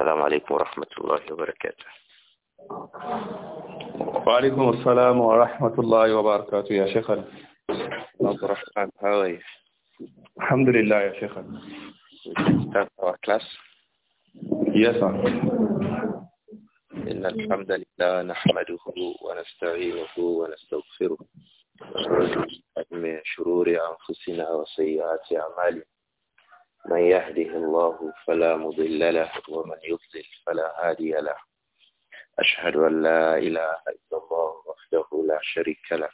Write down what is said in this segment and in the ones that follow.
السلام عليكم ورحمة الله وبركاته وعليكم السلام ورحمة الله وبركاته يا شيخنا عبد الرحمن how الحمد لله يا شيخنا start إن الحمد لله نحمده ونستعينه ونستغفره ونعوذ من شرور أنفسنا وسيئات أعمالنا من يهده الله فلا مضل له ومن يضلل فلا هادي له أشهد أن لا إله إلا الله وحده لا شريك له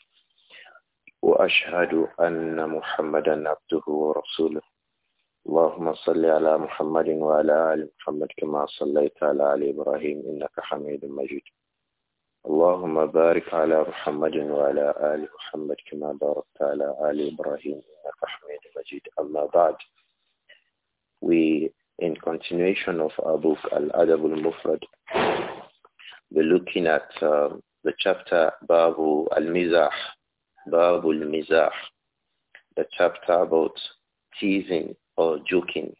وأشهد أن محمدا عبده ورسوله اللهم صل على محمد وعلى آل محمد كما صليت على آل إبراهيم إنك حميد مجيد اللهم بارك على محمد وعلى آل محمد كما باركت على آل إبراهيم إنك حميد مجيد أما بعد we, in continuation of our book Al-Adab al-Mufrad, we're looking at um, the chapter Babu al-Mizah, Babu al-Mizah, the chapter about teasing or joking,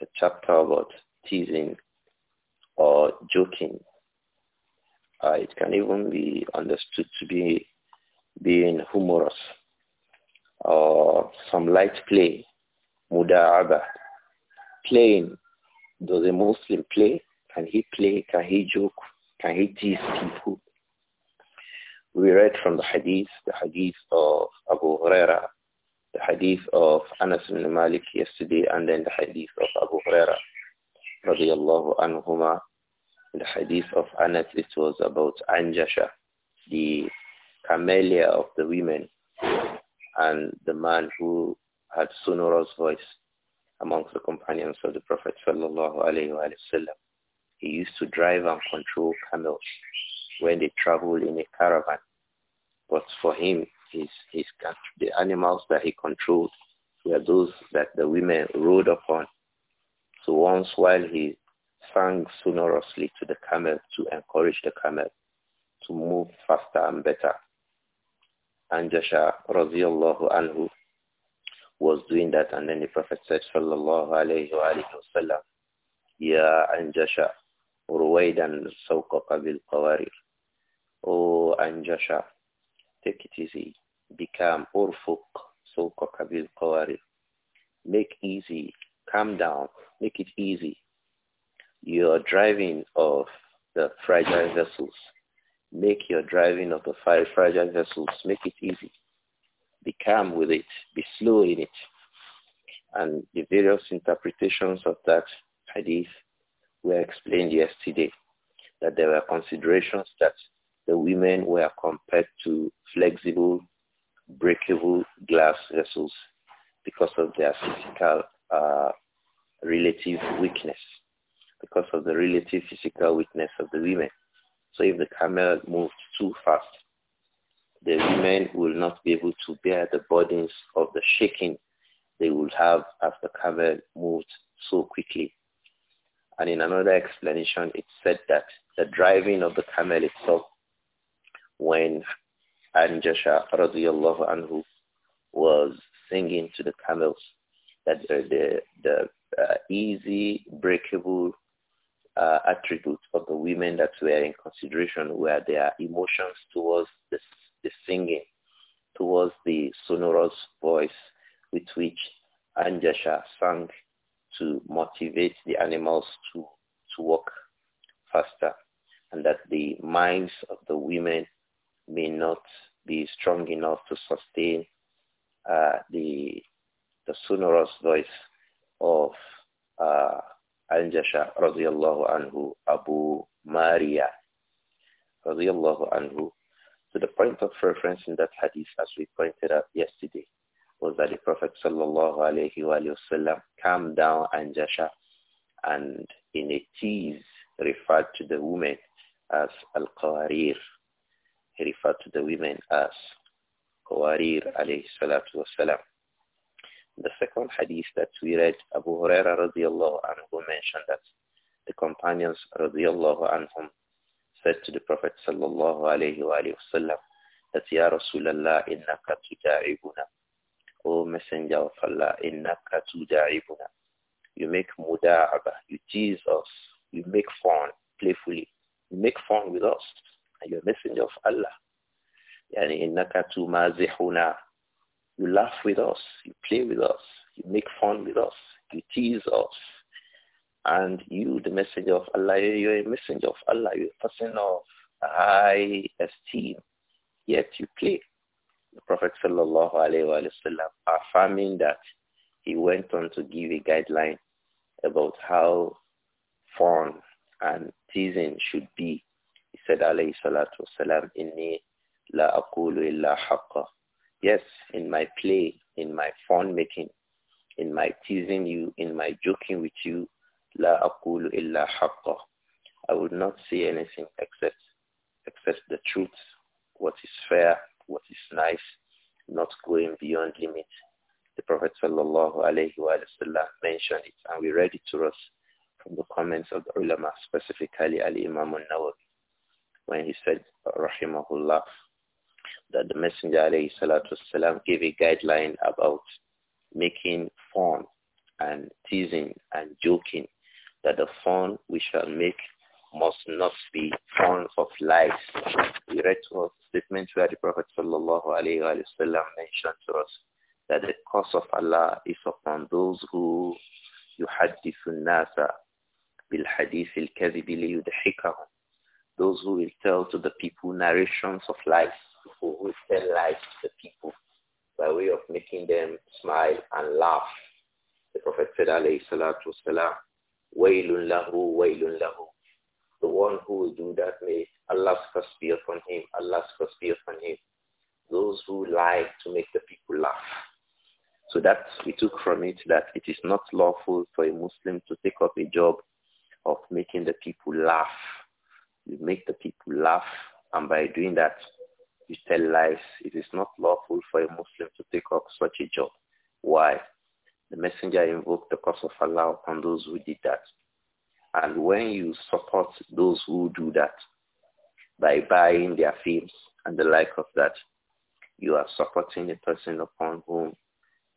the chapter about teasing or joking. Uh, it can even be understood to be being humorous or some light play, muda'aba, playing, does a Muslim play? Can he play? Can he joke? Can he tease people? We read from the hadith, the hadith of Abu Huraira, the hadith of Anas ibn Malik yesterday, and then the hadith of Abu Huraira, radiallahu anhuma. The hadith of Anas, it was about Anjasha, the camellia of the women, and the man who had sonorous voice amongst the companions of the Prophet sallallahu He used to drive and control camels when they traveled in a caravan. But for him, his, his, the animals that he controlled were those that the women rode upon. So once while he sang sonorously to the camel to encourage the camel to move faster and better, Anjasha radiallahu anhu was doing that and then the Prophet said, Sallallahu Allah wa alayhi Ya Anjasha, Ruwaidan Sawqaqa bil Qawarir. O Anjasha, take it easy. Become Urfuq Sawqaqa bil Qawarir. Make easy, calm down, make it easy. Your driving of the fragile vessels. Make your driving of the fragile vessels, make it easy be calm with it. Be slow in it. And the various interpretations of that hadith were explained yesterday, that there were considerations that the women were compared to flexible, breakable glass vessels because of their physical uh, relative weakness, because of the relative physical weakness of the women. So if the camel moved too fast, the women will not be able to bear the burdens of the shaking they will have as the camel moved so quickly. And in another explanation, it said that the driving of the camel itself, when Anjasha radiallahu anhu was singing to the camels, that the, the, the uh, easy, breakable uh, attributes of the women that were in consideration were their emotions towards the the singing, towards the sonorous voice with which Anjasha sang to motivate the animals to, to walk faster and that the minds of the women may not be strong enough to sustain uh, the, the sonorous voice of uh, Anjasha radiallahu anhu Abu Maria radiallahu anhu so the point of reference in that hadith, as we pointed out yesterday, was that the Prophet sallallahu alayhi wa sallam calmed down Anjasha and in a tease referred to the women as Al-Qawarir. He referred to the women as Qawarir alayhi salatu wasalam. The second hadith that we read, Abu Huraira radiallahu anhu mentioned that the companions radiallahu anhum said to the Prophet sallallahu alayhi wa sallam that Ya Rasulallah innaka tuda'ibuna. O Messenger of Allah, innaka tuda'ibuna. You make muda'aba. You tease us. You make fun playfully. You make fun with us. And you're a messenger of Allah. Yani innaka tumazihuna. You laugh with us. You play with us. You make fun with us. You tease us. And you, the messenger of Allah, you're a messenger of Allah, you're a person of high esteem, yet you play. The Prophet sallallahu alayhi wa affirming that he went on to give a guideline about how fun and teasing should be. He said alayhi salatu wasalam, inni la aqulu illa haqqa. Yes, in my play, in my fun making, in my teasing you, in my joking with you, La illa haqqa. I will not say anything except except the truth, what is fair, what is nice, not going beyond limit. The Prophet sallallahu alayhi wa sallam mentioned it and we read it to us from the comments of the ulama, specifically Ali imam al-Nawawi, when he said, rahimahullah, that the Messenger alayhi salatu wasalam, gave a guideline about making fun and teasing and joking that the fun we shall make must not be fun of lies. We read to us statements where the Prophet ﷺ mentioned to us that the curse of Allah is upon those who يحدث الناس بالحديث الكذب ليضحكهم those who will tell to the people narrations of lies, who will tell lies to the people by way of making them smile and laugh. The Prophet said, alayhi salatu wasalam, Wailun lahu, wailun lahu. The one who will do that may Allah's curse be upon him, Allah's curse be upon him. Those who lie to make the people laugh. So that we took from it that it is not lawful for a Muslim to take up a job of making the people laugh. You make the people laugh and by doing that you tell lies. It is not lawful for a Muslim to take up such a job. Why? The messenger invoked the curse of Allah upon those who did that. And when you support those who do that by buying their films and the like of that, you are supporting the person upon whom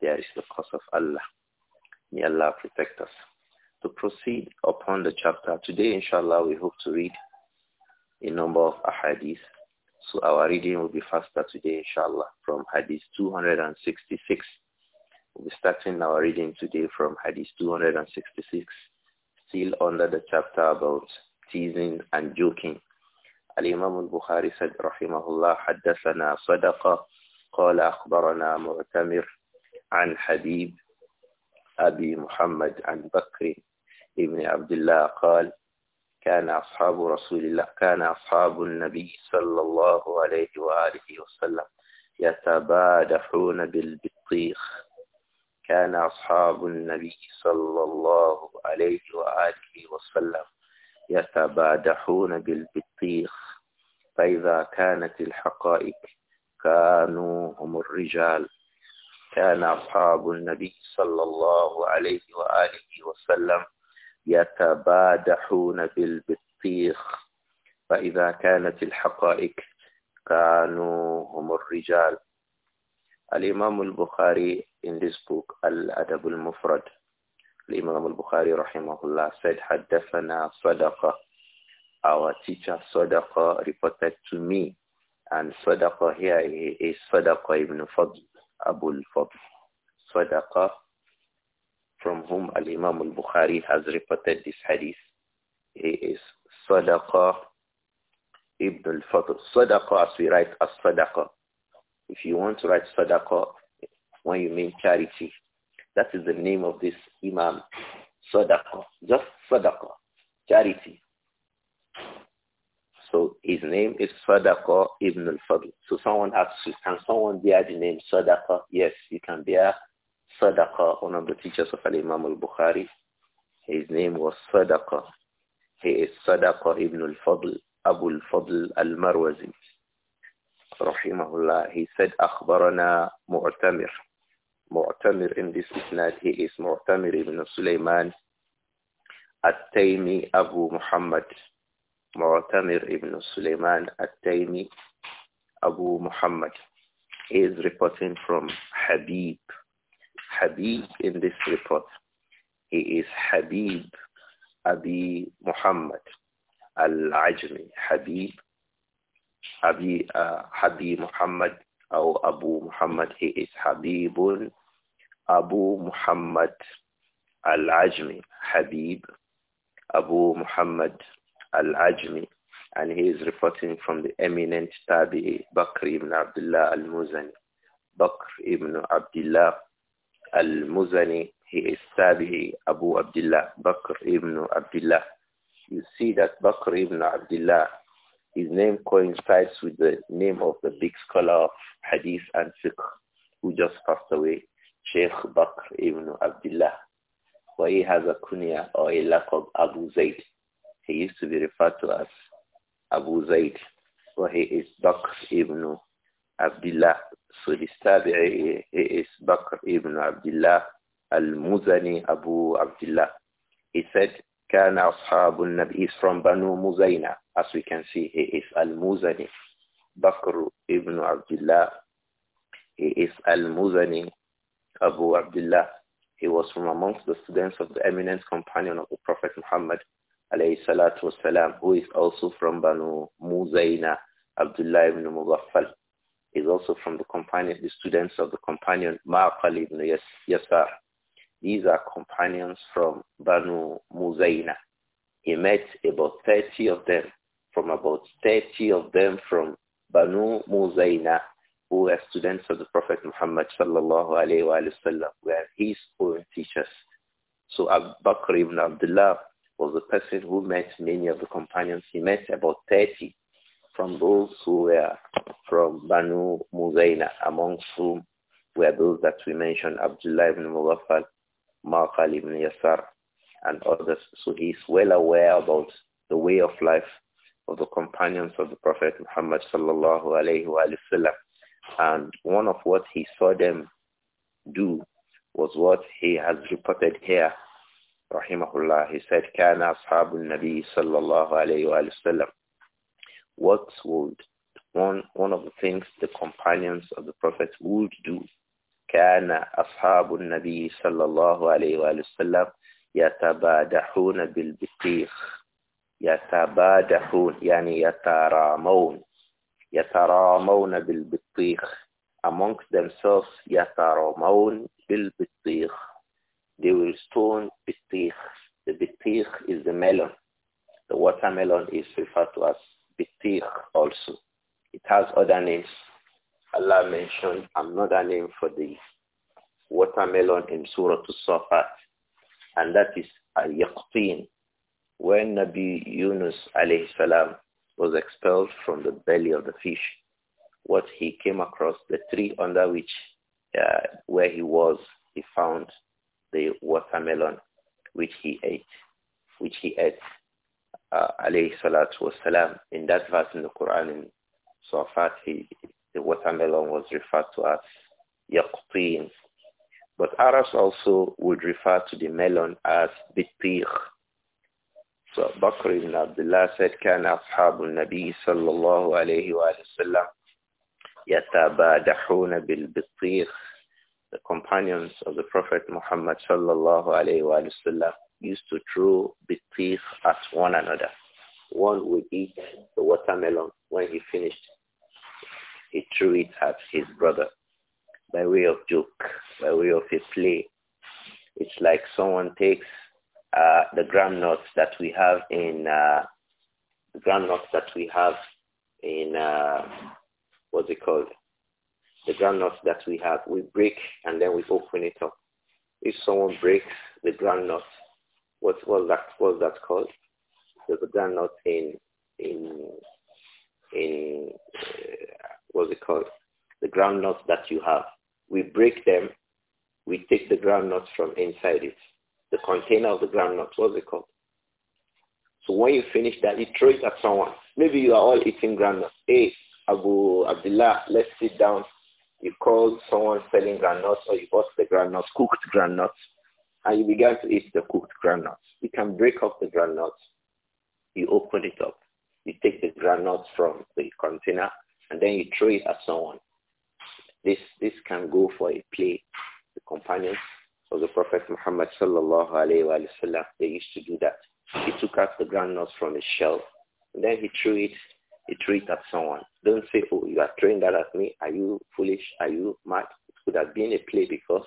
there is the curse of Allah. May Allah protect us. To proceed upon the chapter, today inshallah we hope to read a number of ahadith. So our reading will be faster today inshallah from hadith 266 We'll be starting our reading today from Hadith 266, still under the chapter about teasing and joking. الإمام البخاري سد رحمه الله حدثنا صدقة قال أخبرنا معتمر عن حبيب أبي محمد عن بكر ابن عبد الله قال كان أصحاب رسول الله كان أصحاب النبي صلى الله عليه وآله وسلم يتبادحون بالبطيخ كان أصحاب النبي صلى الله عليه وآله وسلم يتبادحون بالبطيخ فإذا كانت الحقائق كانوا هم الرجال كان أصحاب النبي صلى الله عليه وآله وسلم يتبادحون بالبطيخ فإذا كانت الحقائق كانوا هم الرجال الإمام البخاري in this book الأدب المفرد الإمام البخاري رحمه الله said حدثنا صدقة our teacher صدقة reported to me and صدقة here is صدقة ابن فضل أبو الفضل صدقة from whom الإمام البخاري has reported this hadith he is صدقة ابن الفضل صدقة as we write as صدقة If you want to write sadaqah when you mean charity, that is the name of this imam. Sadaqah. Just sadaqah. Charity. So his name is Sadaqah ibn al-Fadl. So someone asks you, can someone bear the name Sadaqah? Yes, you can bear Sadaqah, one of the teachers of Al-Imam al-Bukhari. His name was Sadaqah. He is Sadaqah ibn al-Fadl, Abu al-Fadl al-Marwazi. رحمه الله he said, أخبرنا معتمر. معتمر in this isnad, he is معتمر ibn سليمان التيمي أبو محمد. معتمر ibn سليمان التيمي أبو محمد. He is reporting from Habib. Habib in this report. He is Habib Abi Muhammad Al-Ajmi. Habib Abi, uh, Habib Muhammad or Abu Muhammad. He is Habibun Abu Muhammad Al-Ajmi. Habib Abu Muhammad Al-Ajmi. And he is reporting from the eminent Tabi Bakr ibn Abdullah Al-Muzani. Bakr ibn Abdullah Al-Muzani. He is Tabi Abu Abdullah. Bakr ibn Abdullah. You see that Bakr ibn Abdullah his name coincides with the name of the big scholar of Hadith and Fiqh who just passed away, Sheikh Bakr ibn Abdullah, where he has a kunya or a laqab Abu Zaid. He used to be referred to as Abu Zaid, where he is Bakr ibn Abdullah. So this tabi'i, he is Bakr ibn Abdullah al-Muzani Abu Abdullah. He said, كان أصحاب النبي from Banu Muzaina. As we can see, he is Al-Muzani. Bakr ibn Abdullah. He is Al-Muzani, Abu Abdullah. He was from amongst the students of the eminent companion of the Prophet Muhammad, alayhi salatu wasalam, who is also from Banu Muzayna, Abdullah ibn Mughaffal. He is also from the companion, the students of the companion Ma'qal ibn Yasar. These are companions from Banu Muzayna. He met about 30 of them from about 30 of them from Banu Muzayna, who were students of the Prophet Muhammad sallallahu alayhi wa sallam, were his own teachers. So Abu Bakr ibn Abdullah was the person who met many of the companions. He met about 30 from those who were from Banu Muzayna, amongst whom were those that we mentioned, Abdullah ibn Mughaffal, Maqal ibn Yasar, and others. So he's well aware about the way of life of the companions of the Prophet Muhammad sallallahu alayhi wa sallam. And one of what he saw them do was what he has reported here. Rahimahullah, he said, كان أصحاب النبي صلى الله عليه وآله وسلم. What would one, one of the things the companions of the Prophet would do? كان أصحاب النبي صلى الله عليه وآله وسلم يتبادحون بالبطيخ يتبادحون يعني يترامون يترامون بالبطيخ amongst themselves يترامون بالبطيخ they will stone بطيخ the بطيخ is the melon the watermelon is referred to as بطيخ also. It has other names. Allah mentioned another name for the watermelon in Surah to and that is al-yaqtin when Nabi Yunus alayhi salam was expelled from the belly of the fish, what he came across, the tree under which, uh, where he was, he found the watermelon which he ate, which he ate, uh, alayhi salatu wasalam. In that verse in the Quran, in Safat, he, the watermelon was referred to as yaqtin. But Arabs also would refer to the melon as bitir, said, كان أصحاب النبي صلى الله عليه وسلم يتبادحون بالبطيخ The companions of the Prophet Muhammad صلى الله عليه وسلم used to throw bitif at one another. One would eat the watermelon. When he finished, he threw it at his brother by way of joke, by way of a play. It's like someone takes uh, the notes that we have in uh, the notes that we have in uh, what's it called? The notes that we have, we break and then we open it up. If someone breaks the groundnut, what was that? What's that called? So the knot in in in uh, what's it called? The knots that you have, we break them. We take the knots from inside it the container of the groundnut. What's it called? So when you finish that, you throw it at someone. Maybe you are all eating groundnuts. Hey, Abu Abdullah, let's sit down. You called someone selling groundnuts or you bought the groundnuts, cooked groundnuts, and you began to eat the cooked groundnuts. You can break up the groundnuts. You open it up. You take the groundnuts from the container and then you throw it at someone. This, this can go for a play. The companions of the Prophet Muhammad sallallahu alayhi wa sallam, they used to do that. He took out the granules from his shell, and then he threw it, he threw it at someone. Don't say, oh, you are throwing that at me. Are you foolish? Are you mad? It could have been a play because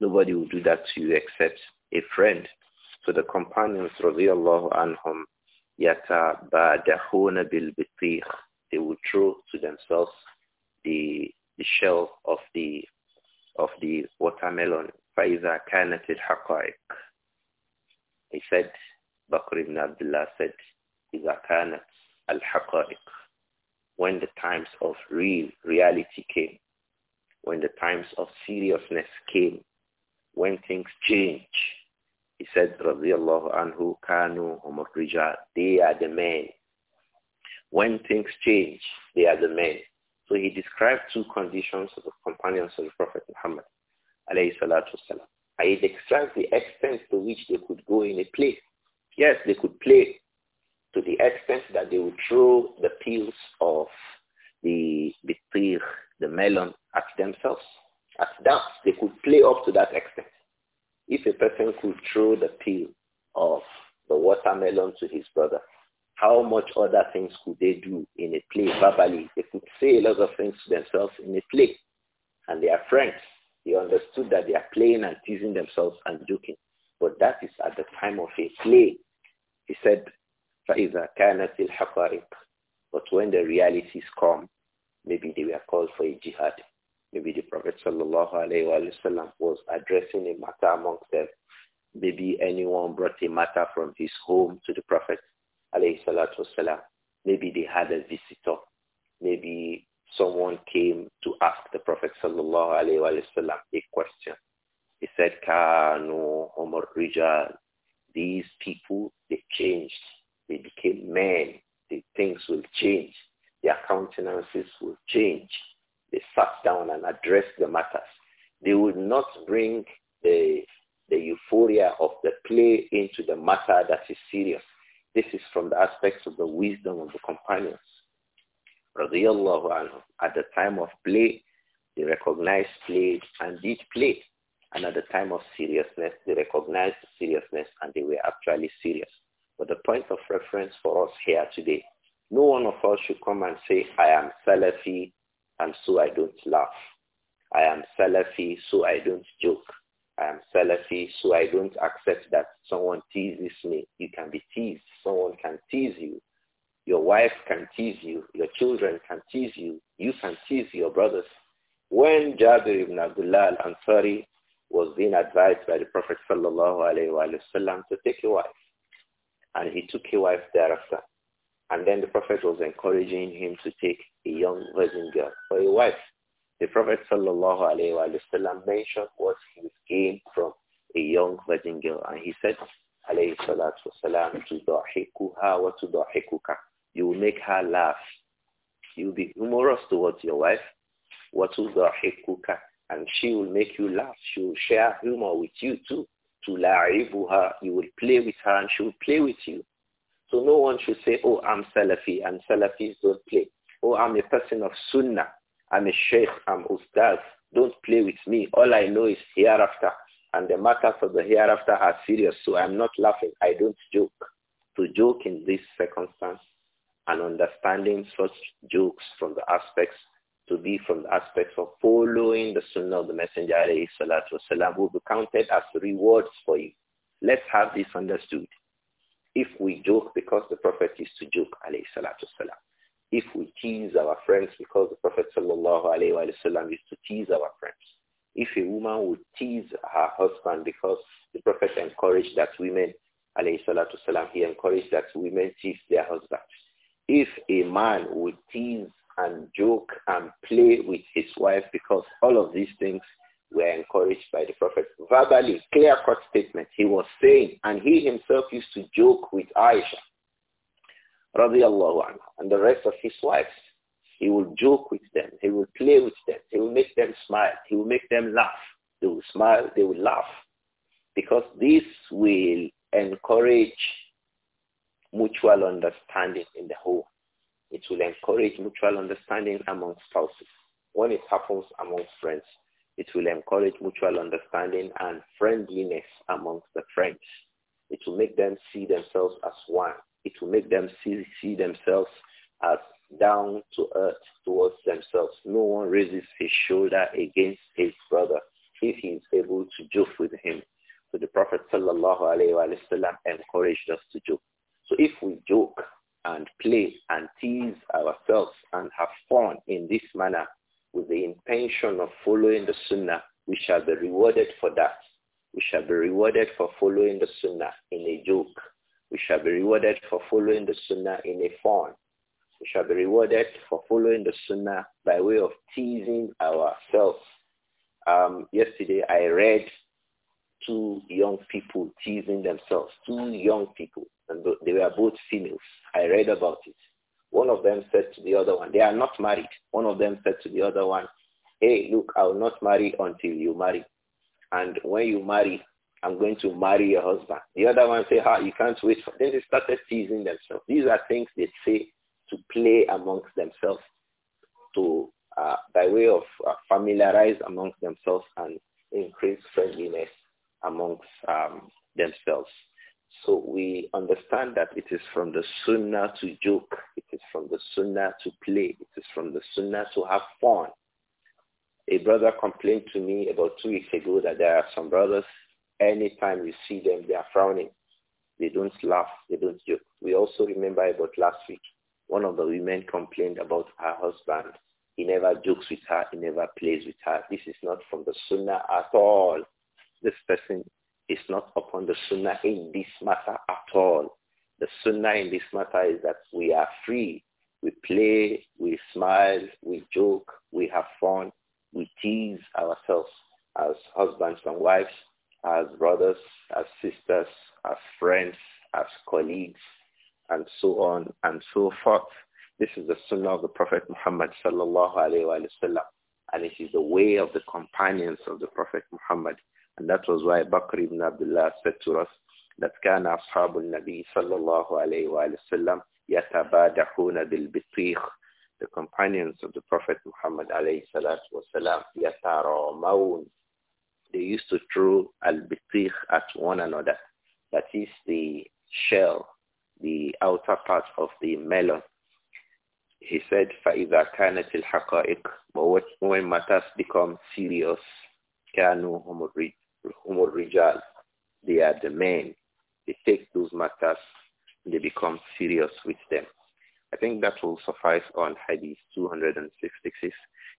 nobody would do that to you except a friend. So the companions, radiallahu anhum, yata bil They would throw to themselves the, the shell of the, of the watermelon فَإِذَا كَانَتِ الْحَقَائِقِ He said, Bakr ibn Abdullah said, إِذَا كَانَتْ الْحَقَائِقِ When the times of real reality came, when the times of seriousness came, when things change, he said, اللَّهِ anhu, كَانُوا هُمْ rijal. They are the men. When things change, they are the men. So he described two conditions of the companions of the Prophet Muhammad alayhi salatu wasalam. And it describes the extent to which they could go in a play. Yes, they could play to the extent that they would throw the peels of the bitir, the melon, at themselves. At that, they could play up to that extent. If a person could throw the peel of the watermelon to his brother, how much other things could they do in a play verbally? They could say a lot of things to themselves in a play, and they are friends. He understood that they are playing and teasing themselves and joking. But that is at the time of a play. He said, فَإِذَا كَانَتِ الْحَقَائِقِ But when the realities come, maybe they were called for a jihad. Maybe the Prophet ﷺ was addressing a matter amongst them. Maybe anyone brought a matter from his home to the Prophet ﷺ. Maybe they had a visitor. Maybe someone came to ask the Prophet sallallahu alaihi wasallam a question. He said, "Kanu Umar Rijal." These people they changed. They became men. The things will change. Their countenances will change. They sat down and addressed the matters. They would not bring the the euphoria of the play into the matter that is serious. This is from the aspects of the wisdom of the companions anhu, at the time of play, they recognized play and did play. And at the time of seriousness, they recognized seriousness and they were actually serious. But the point of reference for us here today, no one of us should come and say, I am Salafi and so I don't laugh. I am Salafi so I don't joke. I am Salafi so I don't accept that someone teases me. You can be teased. Someone can tease you. Your wife can tease you. Your children can tease you. You can tease your brothers. When Jabir ibn Abdullah al-Ansari was being advised by the Prophet sallallahu alayhi wa sallam to take a wife, and he took a wife thereafter. And then the Prophet was encouraging him to take a young virgin girl for a wife. The Prophet sallallahu alayhi wa sallam mentioned what he was gained from a young virgin girl. And he said, alayhi salatu wa تُضَحِكُهَا وَتُضَحِكُكَ you will make her laugh. You will be humorous towards your wife. What will the And she will make you laugh. She will share humor with you too. To la'ibuha, you will play with her and she will play with you. So no one should say, oh, I'm Salafi and Salafis don't play. Oh, I'm a person of Sunnah. I'm a Sheikh. I'm Ustaz. Don't play with me. All I know is hereafter. And the matters of the hereafter are serious. So I'm not laughing. I don't joke. To joke in this circumstance and understanding such jokes from the aspects to be from the aspects of following the sunnah of the Messenger والسلام, will be counted as rewards for you. Let's have this understood. If we joke because the Prophet is to joke if we tease our friends because the Prophet وسلم, is to tease our friends, if a woman would tease her husband because the Prophet encouraged that women, he encouraged that women tease their husbands if a man would tease and joke and play with his wife because all of these things were encouraged by the prophet. Verbally, clear-cut statement. He was saying, and he himself used to joke with Aisha, radiallahu anha, and the rest of his wives. He would joke with them. He would play with them. He would make them smile. He would make them laugh. They would smile. They would laugh. Because this will encourage mutual understanding in the home. It will encourage mutual understanding among spouses. When it happens among friends, it will encourage mutual understanding and friendliness amongst the friends. It will make them see themselves as one. It will make them see, see themselves as down to earth towards themselves. No one raises his shoulder against his brother if he is able to joke with him. So the Prophet sallallahu alaihi wasallam encouraged us to joke. So if we joke and play and tease ourselves and have fun in this manner with the intention of following the sunnah, we shall be rewarded for that. We shall be rewarded for following the sunnah in a joke. We shall be rewarded for following the sunnah in a fun. We shall be rewarded for following the sunnah by way of teasing ourselves. Um, yesterday I read two young people teasing themselves, two young people and they were both females. I read about it. One of them said to the other one, they are not married. One of them said to the other one, hey, look, I will not marry until you marry. And when you marry, I'm going to marry your husband. The other one said, "Huh, you can't wait for then they started teasing themselves. These are things they say to play amongst themselves, to uh, by way of uh, familiarize amongst themselves and increase friendliness amongst um, themselves. So we understand that it is from the sunnah to joke. It is from the sunnah to play. It is from the sunnah to have fun. A brother complained to me about two weeks ago that there are some brothers, anytime you see them, they are frowning. They don't laugh. They don't joke. We also remember about last week, one of the women complained about her husband. He never jokes with her. He never plays with her. This is not from the sunnah at all. This person is not upon the sunnah in this matter at all. The sunnah in this matter is that we are free. We play, we smile, we joke, we have fun, we tease ourselves as husbands and wives, as brothers, as sisters, as friends, as colleagues, and so on and so forth. This is the sunnah of the Prophet Muhammad sallallahu wa sallam. and it is the way of the companions of the Prophet Muhammad and that was why Bakr ibn Abdullah said to us that كان أصحاب النبي صلى الله عليه وآله وسلم يتبادحون بالبطيخ the companions of the Prophet Muhammad alayhi They used to throw al-bitiq at one another. That is the shell, the outer part of the melon. He said, فَإِذَا كَانَتِ الْحَقَائِقِ But when matters become serious, كَانُوا هُمُ Umar Rijal, they are the men. They take those matters they become serious with them. I think that will suffice on Hadith 266.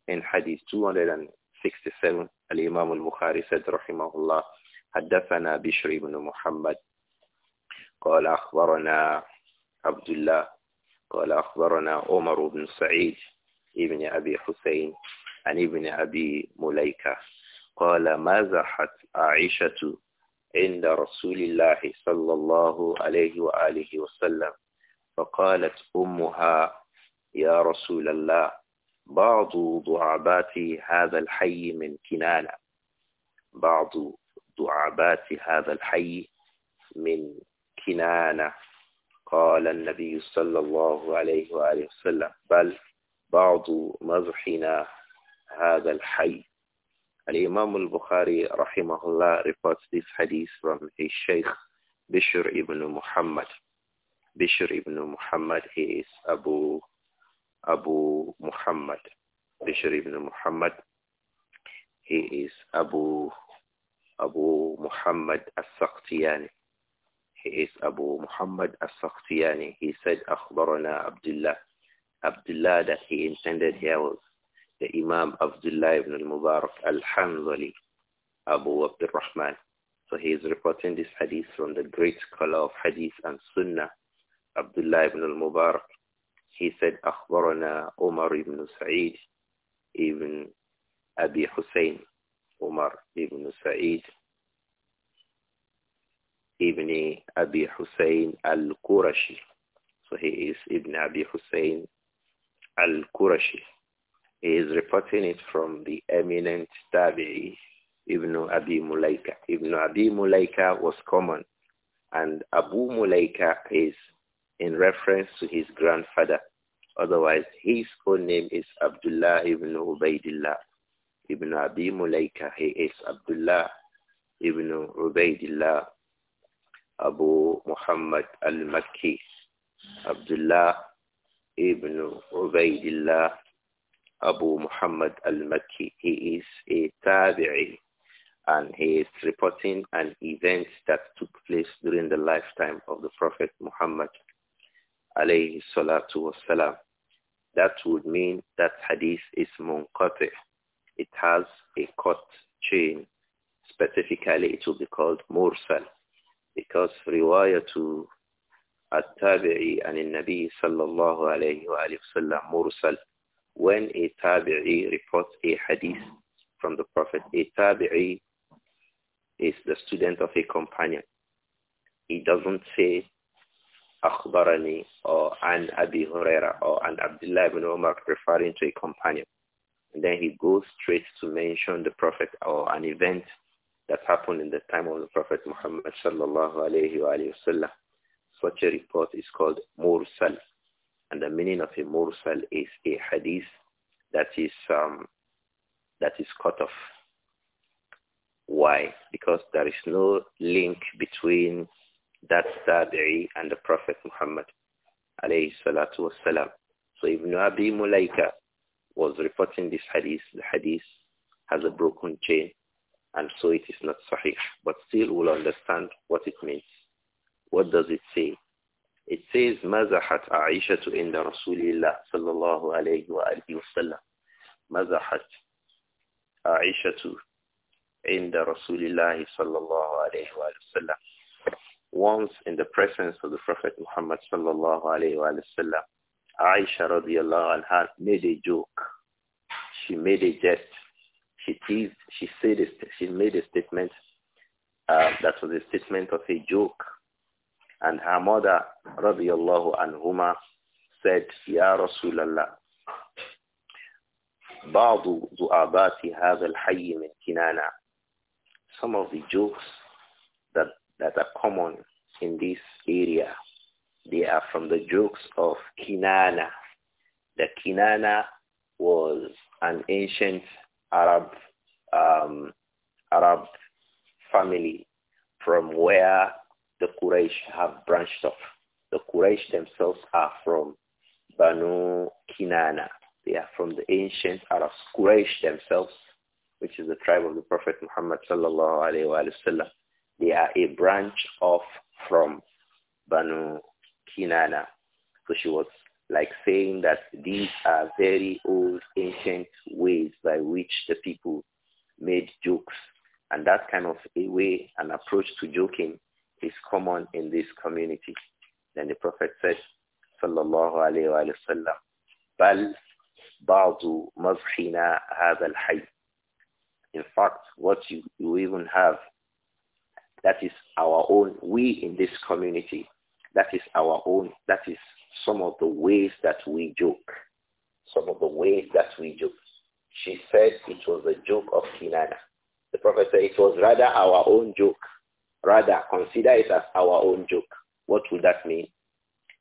In Hadith 267, Al-Imam al-Bukhari said, Rahimahullah, حدثنا بشر بن محمد قال أخبرنا عبد الله قال أخبرنا عمر بن سعيد ابن أبي حسين عن ابن أبي مليكة قال مزحت عائشة عند رسول الله صلى الله عليه وآله وسلم فقالت أمها يا رسول الله بعض ضعبات هذا الحي من كنانة بعض ضعبات هذا الحي من كنانة قال النبي صلى الله عليه وآله وسلم بل بعض مزحنا هذا الحي Al-Imam al-Bukhari rahimahullah reports this hadith from his sheikh Bishr ibn Muhammad. Bishr ibn Muhammad he is Abu Abu Muhammad. Bishr ibn Muhammad he is Abu Abu Muhammad as saqtiyani He is Abu Muhammad as saqtiyani He said, أخبرنا Abdullah. Abdullah that he intended here was the Imam Abdullah ibn al-Mubarak al-Hanzali, Abu Abdurrahman, rahman So he is reporting this hadith from the great scholar of hadith and sunnah, Abdullah ibn al-Mubarak. He said, أخبرنا عمر ibn سعيد ibn Abi Hussein, Umar ibn Sa'id ibn Abi Hussein al-Qurashi. So he is Ibn Abi Hussein al-Qurashi. He is reporting it from the eminent Tabi'i, Ibn Abi Mulaika. Ibn Abi Mulaika was common, and Abu Mulaika is in reference to his grandfather. Otherwise, his full name is Abdullah ibn Ubaidillah. Ibn Abi Mulaika, he is Abdullah ibn Ubaidillah Abu Muhammad al-Makki. Abdullah ibn Ubaidillah Abu Muhammad al-Makki. He is a tabi'i and he is reporting an event that took place during the lifetime of the Prophet Muhammad alayhi salatu wasalam. That would mean that hadith is munqati. It has a cut chain. Specifically, it will be called mursal because riwayah to التابعي عن النبي صلى الله عليه وآله وسلم مرسل when a tabi'i reports a hadith from the Prophet, a tabi'i is the student of a companion. He doesn't say akhbarani or an Abi Huraira or an Abdullah ibn Umar referring to a companion. And then he goes straight to mention the Prophet or an event that happened in the time of the Prophet Muhammad sallallahu alayhi wa such a report is called mursal. And the meaning of a mursal is a hadith that is um, that is cut off. Why? Because there is no link between that tabi'i and the Prophet Muhammad alayhi salatu wasalam. So Ibn Abi Mulaika was reporting this hadith. The hadith has a broken chain and so it is not sahih. But still we'll understand what it means. What does it say? It says, مزحت عائشة عند رسول الله صلى الله عليه وآله وسلم. مزحت عائشة عند رسول الله صلى الله عليه وآله وسلم. Once in the presence of the Prophet Muhammad صلى الله عليه وآله وسلم, Aisha رضي الله عنها made a joke. She made a jest. She teased. She said. A, she made a statement. Uh, that was a statement of a joke and her mother, radiallahu anhuma, said, Ya Rasulallah, بعض ذؤابات هذا الحي من كنانة Some of the jokes that, that are common in this area, they are from the jokes of Kinana. The Kinana was an ancient Arab um, Arab family from where the Quraysh have branched off. The Quraysh themselves are from Banu Kinana. They are from the ancient Arabs. Quraysh themselves, which is the tribe of the Prophet Muhammad sallallahu they are a branch off from Banu Kinana. So she was like saying that these are very old ancient ways by which the people made jokes. And that kind of a way, an approach to joking is common in this community. Then the Prophet said, sallallahu alayhi wasallam." Bal, بَلْ بَعْضُ hazal hay. In fact, what you, you even have, that is our own, we in this community, that is our own, that is some of the ways that we joke. Some of the ways that we joke. She said it was a joke of Kinana. The Prophet said it was rather our own joke Rather, consider it as our own joke. What would that mean?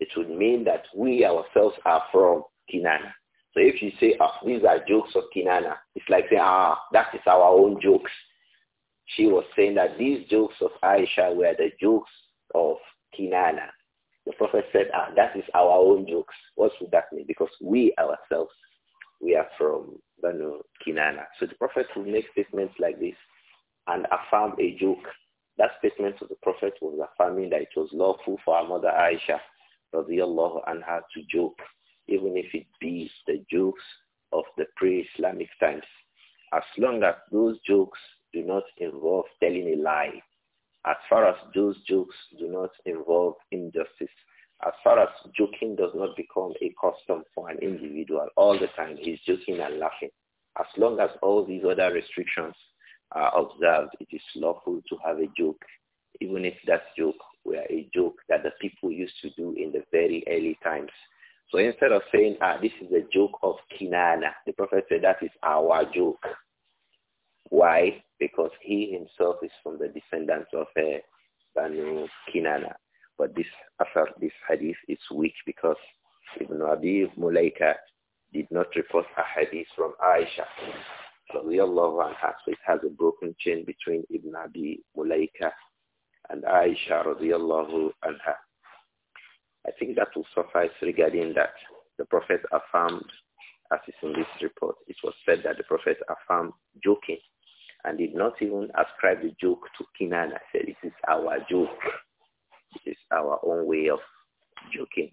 It would mean that we ourselves are from Kinana. So if you say, oh, these are jokes of Kinana, it's like saying, ah, that is our own jokes. She was saying that these jokes of Aisha were the jokes of Kinana. The Prophet said, ah, that is our own jokes. What would that mean? Because we ourselves, we are from Banu Kinana. So the Prophet would make statements like this and affirm a joke that statement of the Prophet was affirming that it was lawful for our mother Aisha, radiallahu anha, to joke, even if it be the jokes of the pre-Islamic times, as long as those jokes do not involve telling a lie, as far as those jokes do not involve injustice, as far as joking does not become a custom for an individual all the time, he's joking and laughing. As long as all these other restrictions are observed, it is lawful to have a joke, even if that joke were a joke that the people used to do in the very early times. So instead of saying, ah, this is a joke of Kinana, the Prophet said that is our joke. Why? Because he himself is from the descendants of uh, Banu Kinana. But this after this hadith is weak because Ibn Abi Mulaika did not report a hadith from Aisha radiallahu anha. So it has a broken chain between Ibn Abi Mulaika and Aisha radiallahu anha. I think that will suffice regarding that. The Prophet affirmed, as is in this report, it was said that the Prophet affirmed joking and did not even ascribe the joke to Kinana. He said, this is our joke. This is our own way of joking.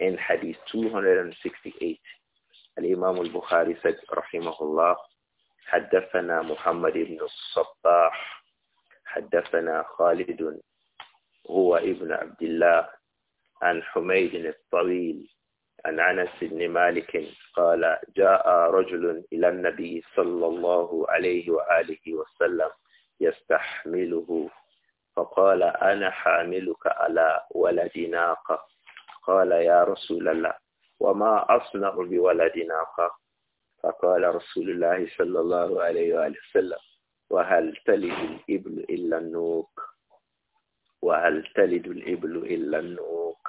In Hadith 268, الإمام البخاري رحمه الله حدثنا محمد بن الصباح حدثنا خالد هو ابن عبد الله عن حميد الطويل عن أنس بن مالك قال جاء رجل إلى النبي صلى الله عليه وآله وسلم يستحمله فقال أنا حاملك على ولد ناقة قال يا رسول الله وما أصنع بولد آخر فقال رسول الله صلى الله عليه وآله وسلم وهل تلد الإبل إلا النوك وهل تلد الإبل إلا النوك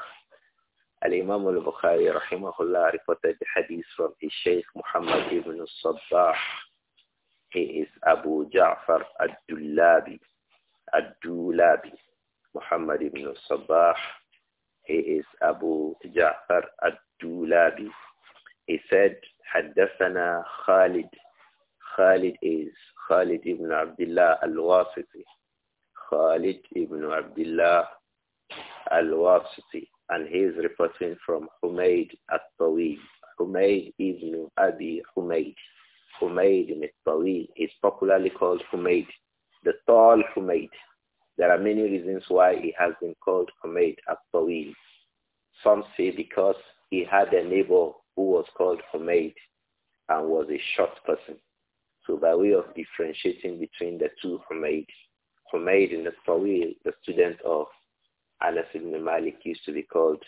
الإمام البخاري رحمه الله reported the hadith from his Sheikh Muhammad ibn al-Sabbah he is Abu Ja'far al-Dullabi al-Dullabi Muhammad ibn al-Sabbah he is Abu Ja'far al Dulabi. He said, حدثنا Khalid. Khalid is Khalid ibn Abdullah al-Wasiti. Khalid ibn Abdullah al-Wasiti. And he is reporting from Humaid al-Tawil. Humaid ibn Abi Humaid. Humaid ibn al-Tawil is popularly called Humaid, the tall Humaid. There are many reasons why he has been called Humaid al-Tawil. Some say because he had a neighbor who was called Humaid and was a short person. So by way of differentiating between the two Homaid, Humaid in the Tawil, the student of Anas ibn Malik used to be called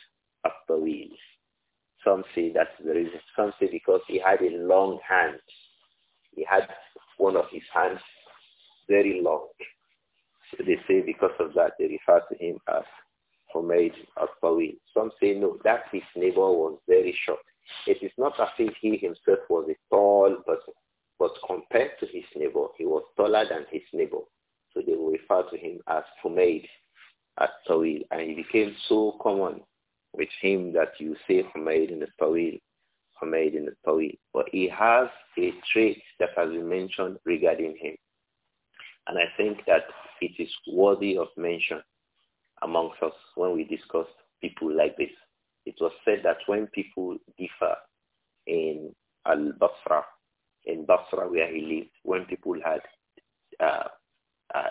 at Some say that's the reason. Some say because he had a long hand. He had one of his hands very long. So they say because of that they refer to him as Humayd al-Tawi. Some say, no, that his neighbor was very short. It is not as if he himself was a tall person, but compared to his neighbor, he was taller than his neighbor. So they will refer to him as Humayd al-Tawil. And it became so common with him that you say in the tawil in the tawil But he has a trait that has been mentioned regarding him. And I think that it is worthy of mention amongst us when we discussed people like this. It was said that when people differ in Al-Basra, in Basra where he lived, when people had uh, uh,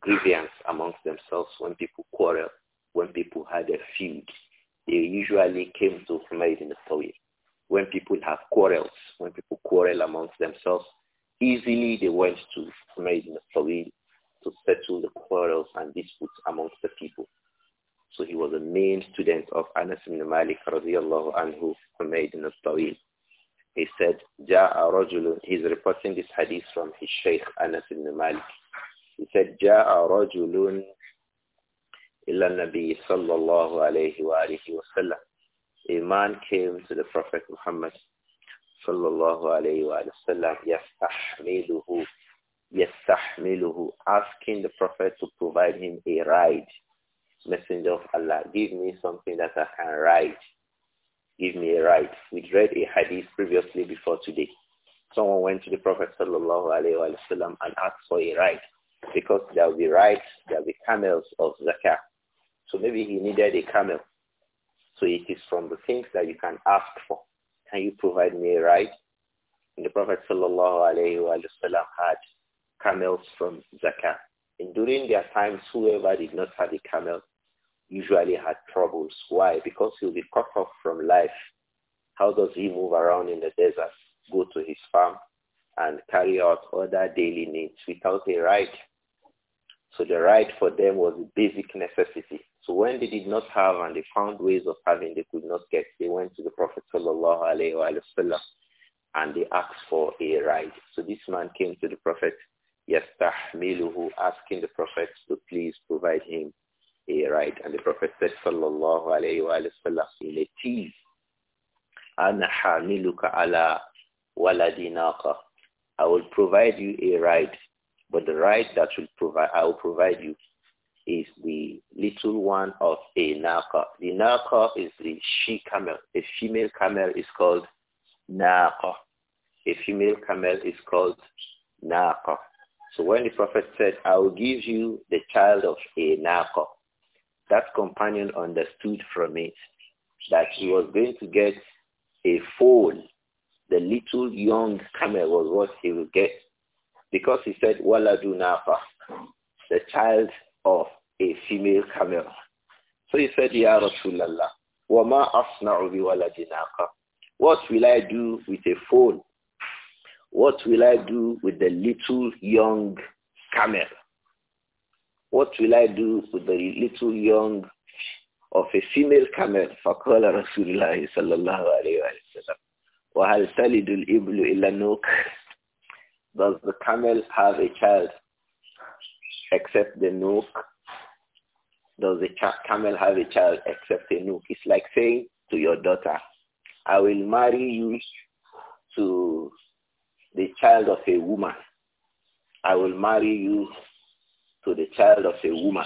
grievance amongst themselves, when people quarreled, when people had a feud, they usually came to Humayd in the story. When people have quarrels, when people quarrel amongst themselves, easily they went to Humayd in the story to settle the quarrels and disputes amongst the people. So he was a main student of Anas ibn Malik radiallahu anhu, Humayd ibn al-Tawil. He said, جَاءَ رَجُلٌ He's reporting this hadith from his sheikh Anas ibn Malik. He said, جَاءَ رَجُلٌ إِلَى النَّبِيِّ صَلَّى اللَّهُ عَلَيْهِ وَآلِهِ وَسَلَّمَ A man came to the Prophet Muhammad sallallahu alayhi wa sallam يَسْتَحْمِلُهُ يَسْتَحْمِلُهُ Asking the Prophet to provide him a ride. Messenger of Allah, give me something that I can ride. Give me a ride. We read a hadith previously before today. Someone went to the Prophet sallallahu alaihi wasallam and asked for a ride because there will be rides, there will be camels of zakah. So maybe he needed a camel. So it is from the things that you can ask for. Can you provide me a ride? And the Prophet sallallahu alaihi wasallam had camels from zakat. And during their times, whoever did not have a camel usually had troubles. Why? Because he'll be cut off from life. How does he move around in the desert, go to his farm, and carry out other daily needs without a ride? So the ride for them was a basic necessity. So when they did not have and they found ways of having they could not get, they went to the Prophet sallallahu alaihi wasallam and they asked for a ride. So this man came to the Prophet yastahmiluhu, asking the Prophet to please provide him a ride. And the Prophet said, sallallahu alayhi wa sallam, in a tease, ana hamiluka ala I will provide you a ride, but the ride that will provide, I will provide you is the little one of a naka. The naka is the she camel. A female camel is called naka. A female camel is called naka. So when the Prophet said, I will give you the child of a naka," that companion understood from it that he was going to get a foal. The little young camel was what he would get. Because he said, Waladu Nafa, the child of a female camel. So he said, Ya Rasulallah, Wama asna'u bi waladi What will I do with a phone?" What will I do with the little young camel? What will I do with the little young of a female camel? فقال رسول الله صلى الله عليه وسلم وهل تلد الإبل إلا نوك? Does the camel have a child except the nook? Does the camel have a child except the nook? It's like saying to your daughter, I will marry you to the child of a woman. I will marry you to the child of a woman.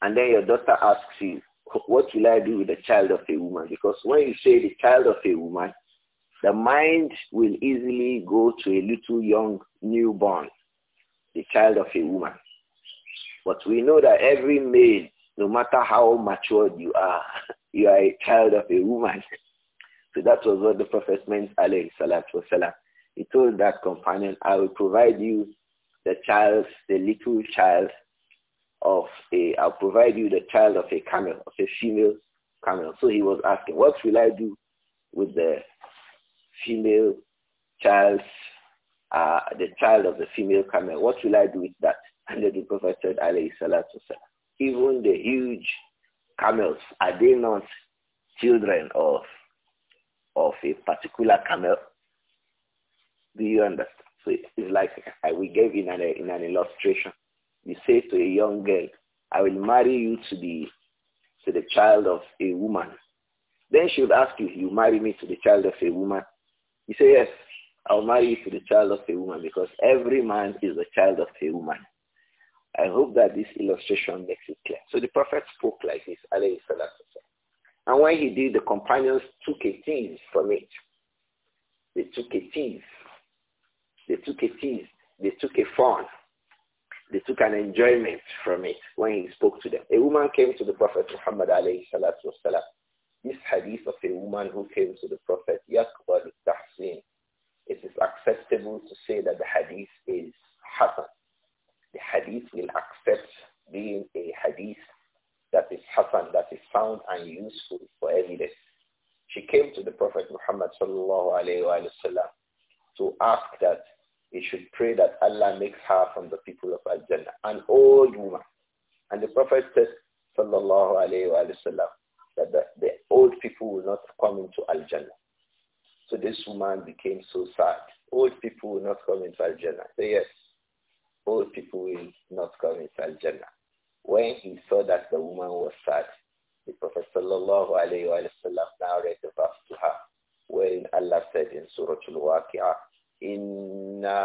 And then your daughter asks you, what will I do with the child of a woman? Because when you say the child of a woman, the mind will easily go to a little young newborn, the child of a woman. But we know that every male, no matter how matured you are, you are a child of a woman. So that was what the Prophet meant, alayhi salatu wasalam. He told that companion, I will provide you the child, the little child of a, I'll provide you the child of a camel, of a female camel. So he was asking, what will I do with the female child, uh, the child of the female camel? What will I do with that? And the Prophet said, alayhi salatu even the huge camels, are they not children of, of a particular camel? Do you understand? So it's like we gave in an, in an illustration. You say to a young girl, I will marry you to the, to the child of a woman. Then she would ask you, you marry me to the child of a woman? You say, yes, I'll marry you to the child of a woman because every man is the child of a woman. I hope that this illustration makes it clear. So the prophet spoke like this, alayhi salatu And when he did, the companions took a tease from it. They took a tease they took a tease. They took a fun. They took an enjoyment from it when he spoke to them. A woman came to the Prophet Muhammad alayhi salatu wasalam. This hadith of a woman who came to the Prophet, Yaqbal tahsin. It is acceptable to say that the hadith is hafan. The hadith will accept being a hadith that is hafan, that is found and useful for evidence. She came to the Prophet Muhammad sallallahu alayhi wa sallam to ask that he should pray that Allah makes her from the people of Al-Jannah, an old woman. And the Prophet said, sallallahu alayhi wa sallam, that the, the old people will not come into Al-Jannah. So this woman became so sad. Old people will not come into Al-Jannah. So yes, old people will not come into Al-Jannah. When he saw that the woman was sad, the Prophet sallallahu alayhi wa sallam now read the verse to her, wherein Allah said in Surah Al-Waqi'ah, إنا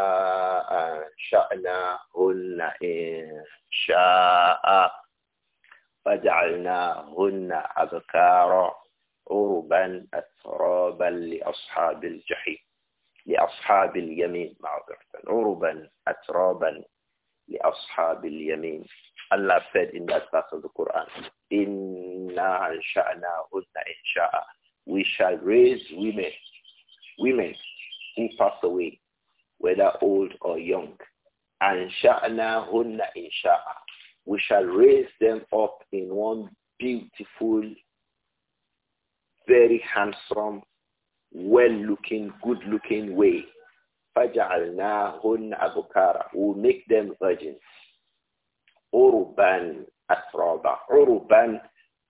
أنشأناهن إن شاء فجعلناهن أبكارا عربا أترابا لأصحاب الجحيم لأصحاب اليمين معذرة عربا أترابا لأصحاب اليمين الله said in that verse of the Quran إِنَّا أَنْشَأْنَاهُنَّ إن شاء We shall raise women women he passed away, whether old or young. And sha'nahunna insha'a. We shall raise them up in one beautiful, very handsome, well-looking, good-looking way. فَجَعَلْنَاهُنَّ أَبْكَارًا well looking good looking way فجعلناهن abukara. we will make them virgins. Uruban atroba.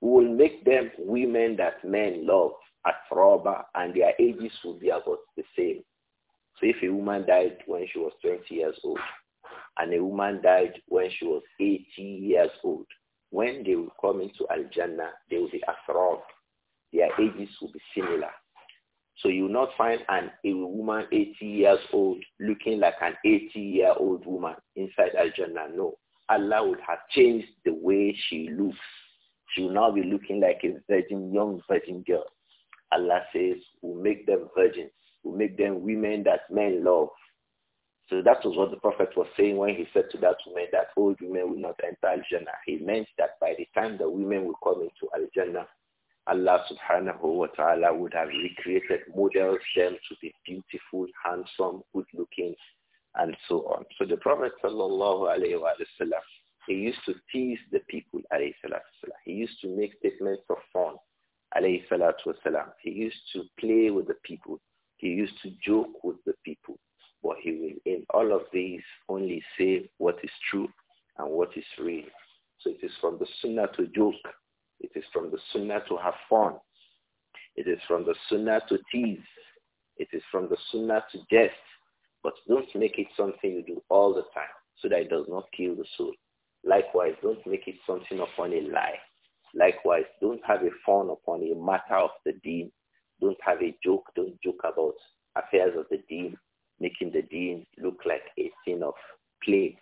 We will make them women that men love atroba and their ages will be about the same. So if a woman died when she was 20 years old and a woman died when she was 80 years old, when they will come into Al-Jannah, they will be asrog. Their ages will be similar. So you will not find an, a woman 80 years old looking like an 80-year-old woman inside Al-Jannah. No. Allah would have changed the way she looks. She will now be looking like a virgin, young virgin girl. Allah says, we'll make them virgins will make them women that men love. So that was what the prophet was saying when he said to that woman that old women will not enter Al-Jannah. He meant that by the time the women will come into Al-Jannah, Allah subhanahu wa ta'ala would have recreated models them to be beautiful, handsome, good looking, and so on. So the Prophet sallallahu alayhi wa sallam, he used to tease the people alayhi salatu He used to make statements of fun alayhi salatu He used to play with the people he used to joke with the people, but he will in all of these only say what is true and what is real. So it is from the sunnah to joke. It is from the sunnah to have fun. It is from the sunnah to tease. It is from the sunnah to jest. But don't make it something you do all the time so that it does not kill the soul. Likewise, don't make it something upon a lie. Likewise, don't have a fun upon a matter of the deen don't have a joke. Don't joke about affairs of the dean, making the dean look like a scene of play.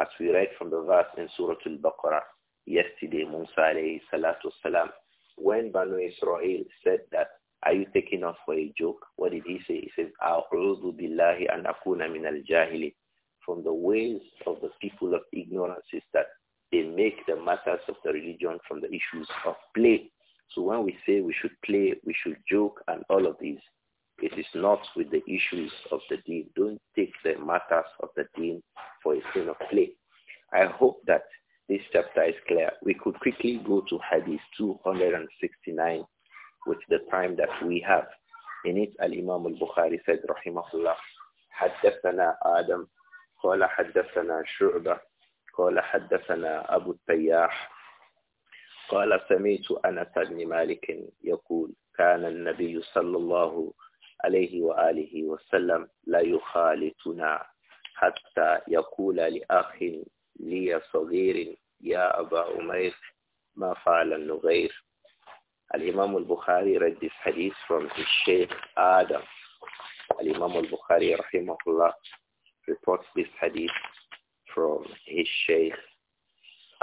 As we read from the verse in Surah Al-Baqarah yesterday, Musa alayhi salatu salam, when Banu Israel said that, are you taking us for a joke? What did he say? He says, A'udhu billahi an akuna min al From the ways of the people of ignorance is that they make the matters of the religion from the issues of play. So when we say we should play, we should joke and all of these, it is not with the issues of the deen. Don't take the matters of the deen for a sin of play. I hope that this chapter is clear. We could quickly go to Hadith 269 with the time that we have. In it, Al-Imam al-Bukhari said, Rahimahullah, حدثنا آدم قال حدثنا شعبة قال حدثنا أبو التياح قال سميت أنس بن مالك يقول كان النبي صلى الله عليه وآله وسلم لا يخالطنا حتى يقول لأخ لي صغير يا أبا عمير ما فعل النغير الإمام البخاري رَدَّ الحَدِيثِ from his Sheikh Adam الإمام البخاري رحمه الله reports this hadith from his Sheikh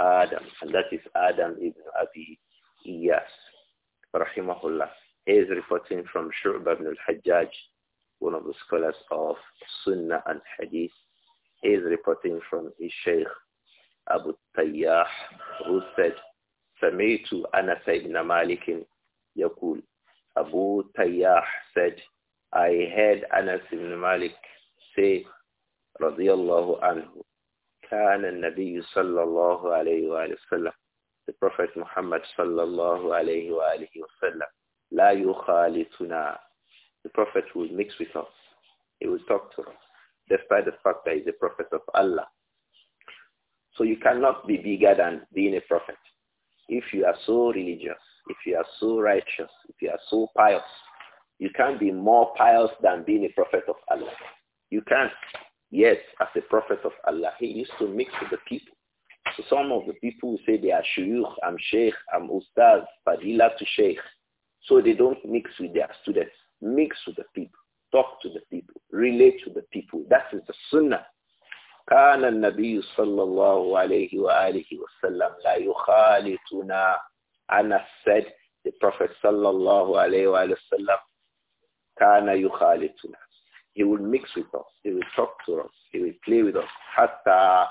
Adam, and that is Adam ibn Abi Iyas, rahimahullah. He is reporting from Shu'bah ibn al-Hajjaj, one of the scholars of Sunnah and Hadith. He is reporting from his Abu Tayyah, who said, سمعت أنس بن مالك يقول Abu Tayyah said, I heard Anas ibn Malik say, الله عنه." كان النبي صلى الله عليه وآله وسلم the Prophet Muhammad صلى الله عليه وآله وسلم لا يخالطنا the Prophet will mix with us he will talk to us despite the fact that he's a prophet of Allah so you cannot be bigger than being a prophet if you are so religious if you are so righteous if you are so pious you can't be more pious than being a prophet of Allah you can't Yes, as a prophet of Allah, he used to mix with the people. So some of the people who say they are shuyukh, I'm sheikh, I'm ustaz, fadila to sheikh. So they don't mix with their students. Mix with the people. Talk to the people. Relate to the people. That is the sunnah. كان النبي صلى الله عليه وآله وسلم لا يخالطنا Anas said, the Prophet صلى الله عليه وآله وسلم كان يخالطنا. He will mix with us. He will talk to us. He will play with us. Hatta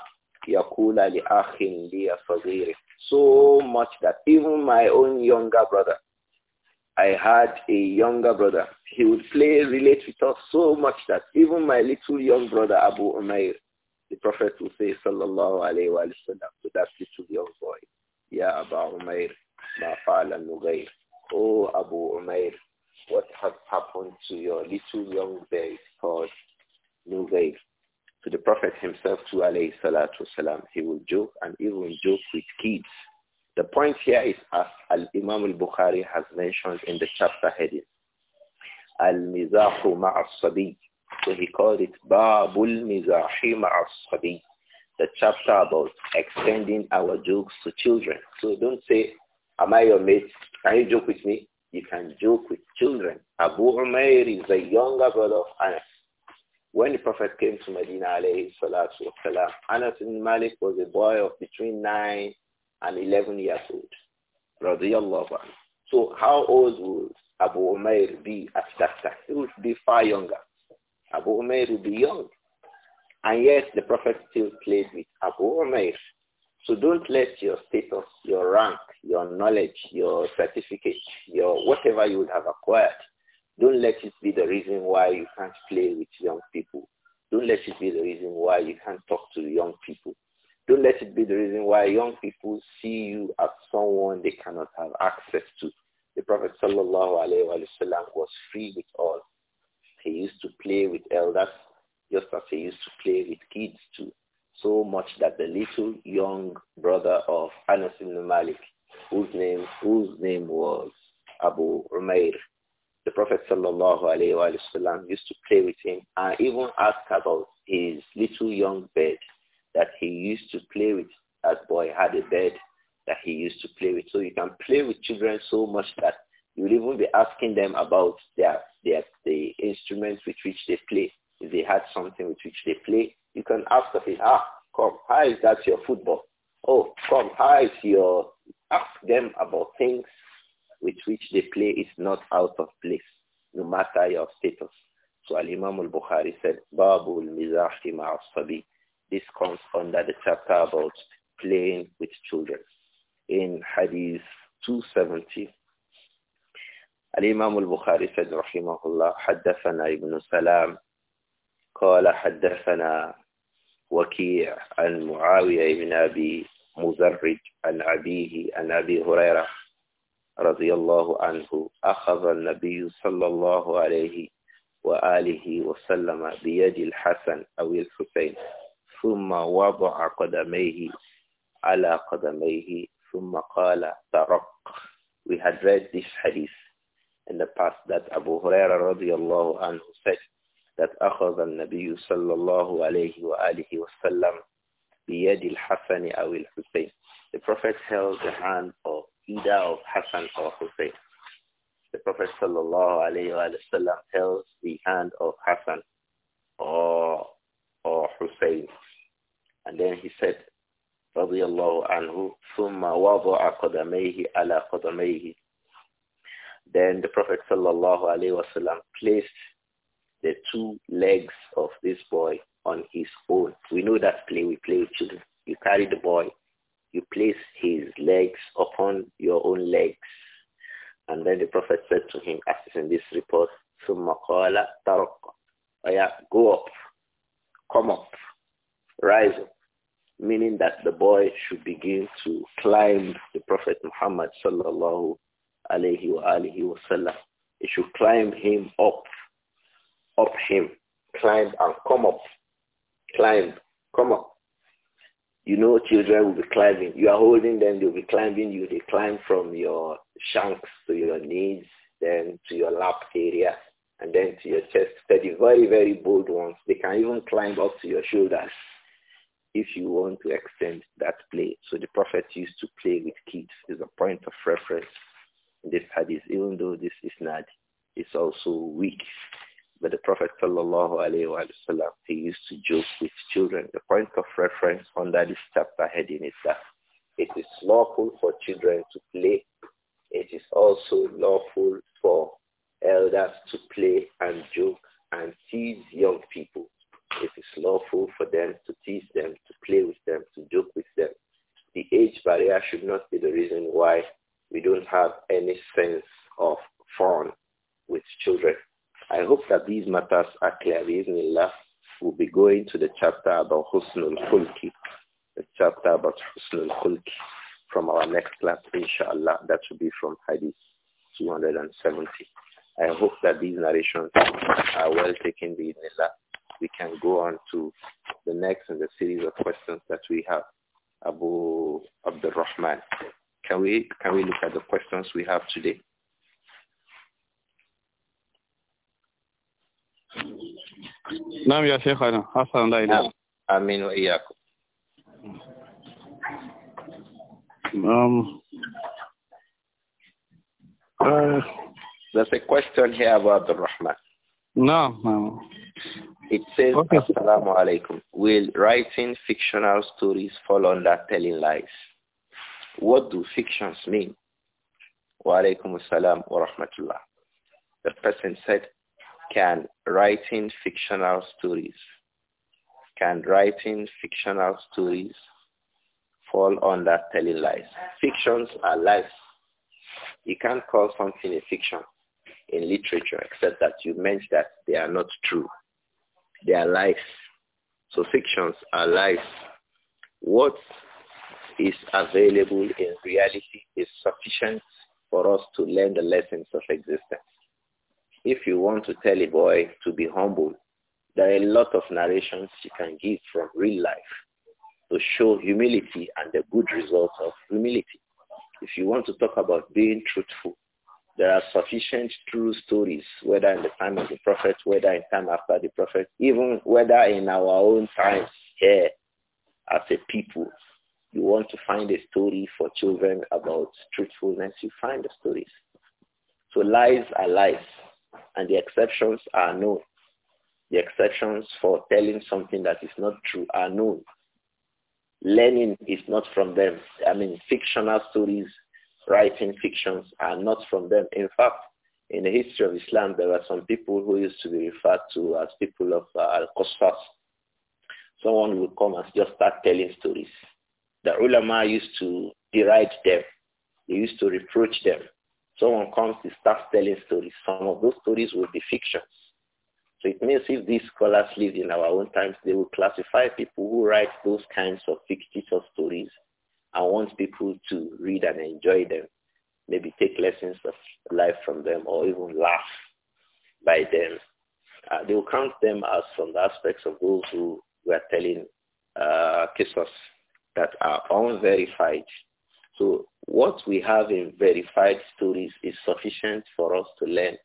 So much that even my own younger brother, I had a younger brother. He would play, relate with us so much that even my little young brother Abu Umair, the Prophet would say, sallallahu alayhi wa sallam, to that little young boy, Ya Abu Umair, ma fa'ala nugayr. Oh Abu Umair, what has happened to your little young boy called Nugayb. To the Prophet himself, to alayhi salatu he will joke and even joke with kids. The point here is as Al-Imam al-Bukhari has mentioned in the chapter heading, Al-Mizahu ma'as-sabi. So he called it Babul Mizahi ma'as-sabi. The chapter about extending our jokes to children. So don't say, am I your mate? Can you joke with me? You can joke with children. Abu Umair is the younger brother of Anas. When the Prophet came to Medina, alayhi salatu wasalam, Anas ibn Malik was a boy of between 9 and 11 years old. Radiallahu anhu. So how old would Abu Umair be at that time? He would be far younger. Abu Umair would be young. And yet the Prophet still played with Abu Umair. So don't let your status, your rank, your knowledge, your certificate, your whatever you would have acquired. Don't let it be the reason why you can't play with young people. Don't let it be the reason why you can't talk to young people. Don't let it be the reason why young people see you as someone they cannot have access to. The Prophet sallallahu alaihi wasallam was free with all. He used to play with elders just as he used to play with kids too. So much that the little young brother of Anas ibn Malik, whose name, whose name was Abu Umair. The Prophet sallallahu alaihi wasallam used to play with him and even ask about his little young bird that he used to play with. That boy had a bird that he used to play with. So you can play with children so much that you'll even be asking them about their, their the instruments with which they play. If they had something with which they play, you can ask of it, ah, come, how is that your football? Oh, come, how is your... Ask them about things with which the play is not out of place, no matter your status. So Al-Imam al-Bukhari said, Babu al-Mizahi maas This comes under the chapter about playing with children. In Hadith 270, الإمام البخاري رحمه الله حدثنا ابن سلام قال حدثنا وكيع عن معاوية بن أبي مزرج عن أبيه عن أبي هريرة رضي الله عنه أخذ النبي صلى الله عليه وآله وسلم بيد الحسن أو الحسين ثم وضع قدميه على قدميه ثم قال ترق We had read this hadith in the past that Abu Huraira رضي الله عنه said that أخذ النبي صلى الله عليه وآله وسلم بيد الحسن أو الحسين. The Prophet held the hand of either of Hassan or Hussein. The Prophet sallallahu alayhi wa وسلم held the hand of Hassan or, or Hussein. And then he said, رضي الله عنه ثم وضع قدميه على قدميه Then the Prophet sallallahu alayhi wa وسلم placed the two legs of this boy on his own. We know that play we play with children. You carry the boy, you place his legs upon your own legs. And then the Prophet said to him, as in this report, Summa qala oh, Go up, come up, rise up. Meaning that the boy should begin to climb the Prophet Muhammad sallallahu alayhi wa alihi wa sallam. It should climb him up up him. Climb and come up. Climb, come up. You know children will be climbing. You are holding them, they'll be climbing you. They climb from your shanks to your knees, then to your lap area, and then to your chest. They're the very, very bold ones. They can even climb up to your shoulders if you want to extend that play. So the Prophet used to play with kids is a point of reference in this hadith, even though this is not, it's also weak. But the Prophet sallallahu he used to joke with children. The point of reference under this chapter heading is that it is lawful for children to play. It is also lawful for elders to play and joke and tease young people. It is lawful for them to tease them, to play with them, to joke with them. The age barrier should not be the reason why we don't have any sense of fun with children. I hope that these matters are clear. Bismillah, we'll be going to the chapter about Husnul Khulki, the chapter about Husnul Khulki from our next class, inshallah. That will be from Hadith 270. I hope that these narrations are well taken, Bismillah. We can go on to the next in the series of questions that we have. Abu Abdul Rahman. Can we, can we look at the questions we have today? نعم يا شيخنا حسنا لا إله نعم. آمين وإياكم um, uh, There's a question here about the Rahman. No, no. It says, okay. Assalamu alaikum. Will writing fictional stories fall under telling lies? What do fictions mean? Wa alaikum assalam wa rahmatullah. The person said, can writing fictional stories, can writing fictional stories fall under telling lies? Fictions are lies. You can't call something a fiction in literature except that you meant that they are not true. They are lies. So fictions are lies. What is available in reality is sufficient for us to learn the lessons of existence if you want to tell a boy to be humble, there are a lot of narrations you can give from real life to show humility and the good results of humility. If you want to talk about being truthful, there are sufficient true stories, whether in the time of the prophet, whether in time after the prophet, even whether in our own times here as a people. You want to find a story for children about truthfulness, you find the stories. So lies are lies. And the exceptions are known. The exceptions for telling something that is not true are known. Learning is not from them. I mean, fictional stories, writing fictions are not from them. In fact, in the history of Islam, there were some people who used to be referred to as people of uh, Al-Qasfas. Someone would come and just start telling stories. The ulama used to deride them. They used to reproach them. Someone comes, to start telling stories. Some of those stories will be fictions. So it means if these scholars live in our own times, they will classify people who write those kinds of fictitious stories and want people to read and enjoy them, maybe take lessons of life from them or even laugh by them. Uh, they will count them as from the aspects of those who were telling uh, that are unverified so what we have in verified stories is sufficient for us to learn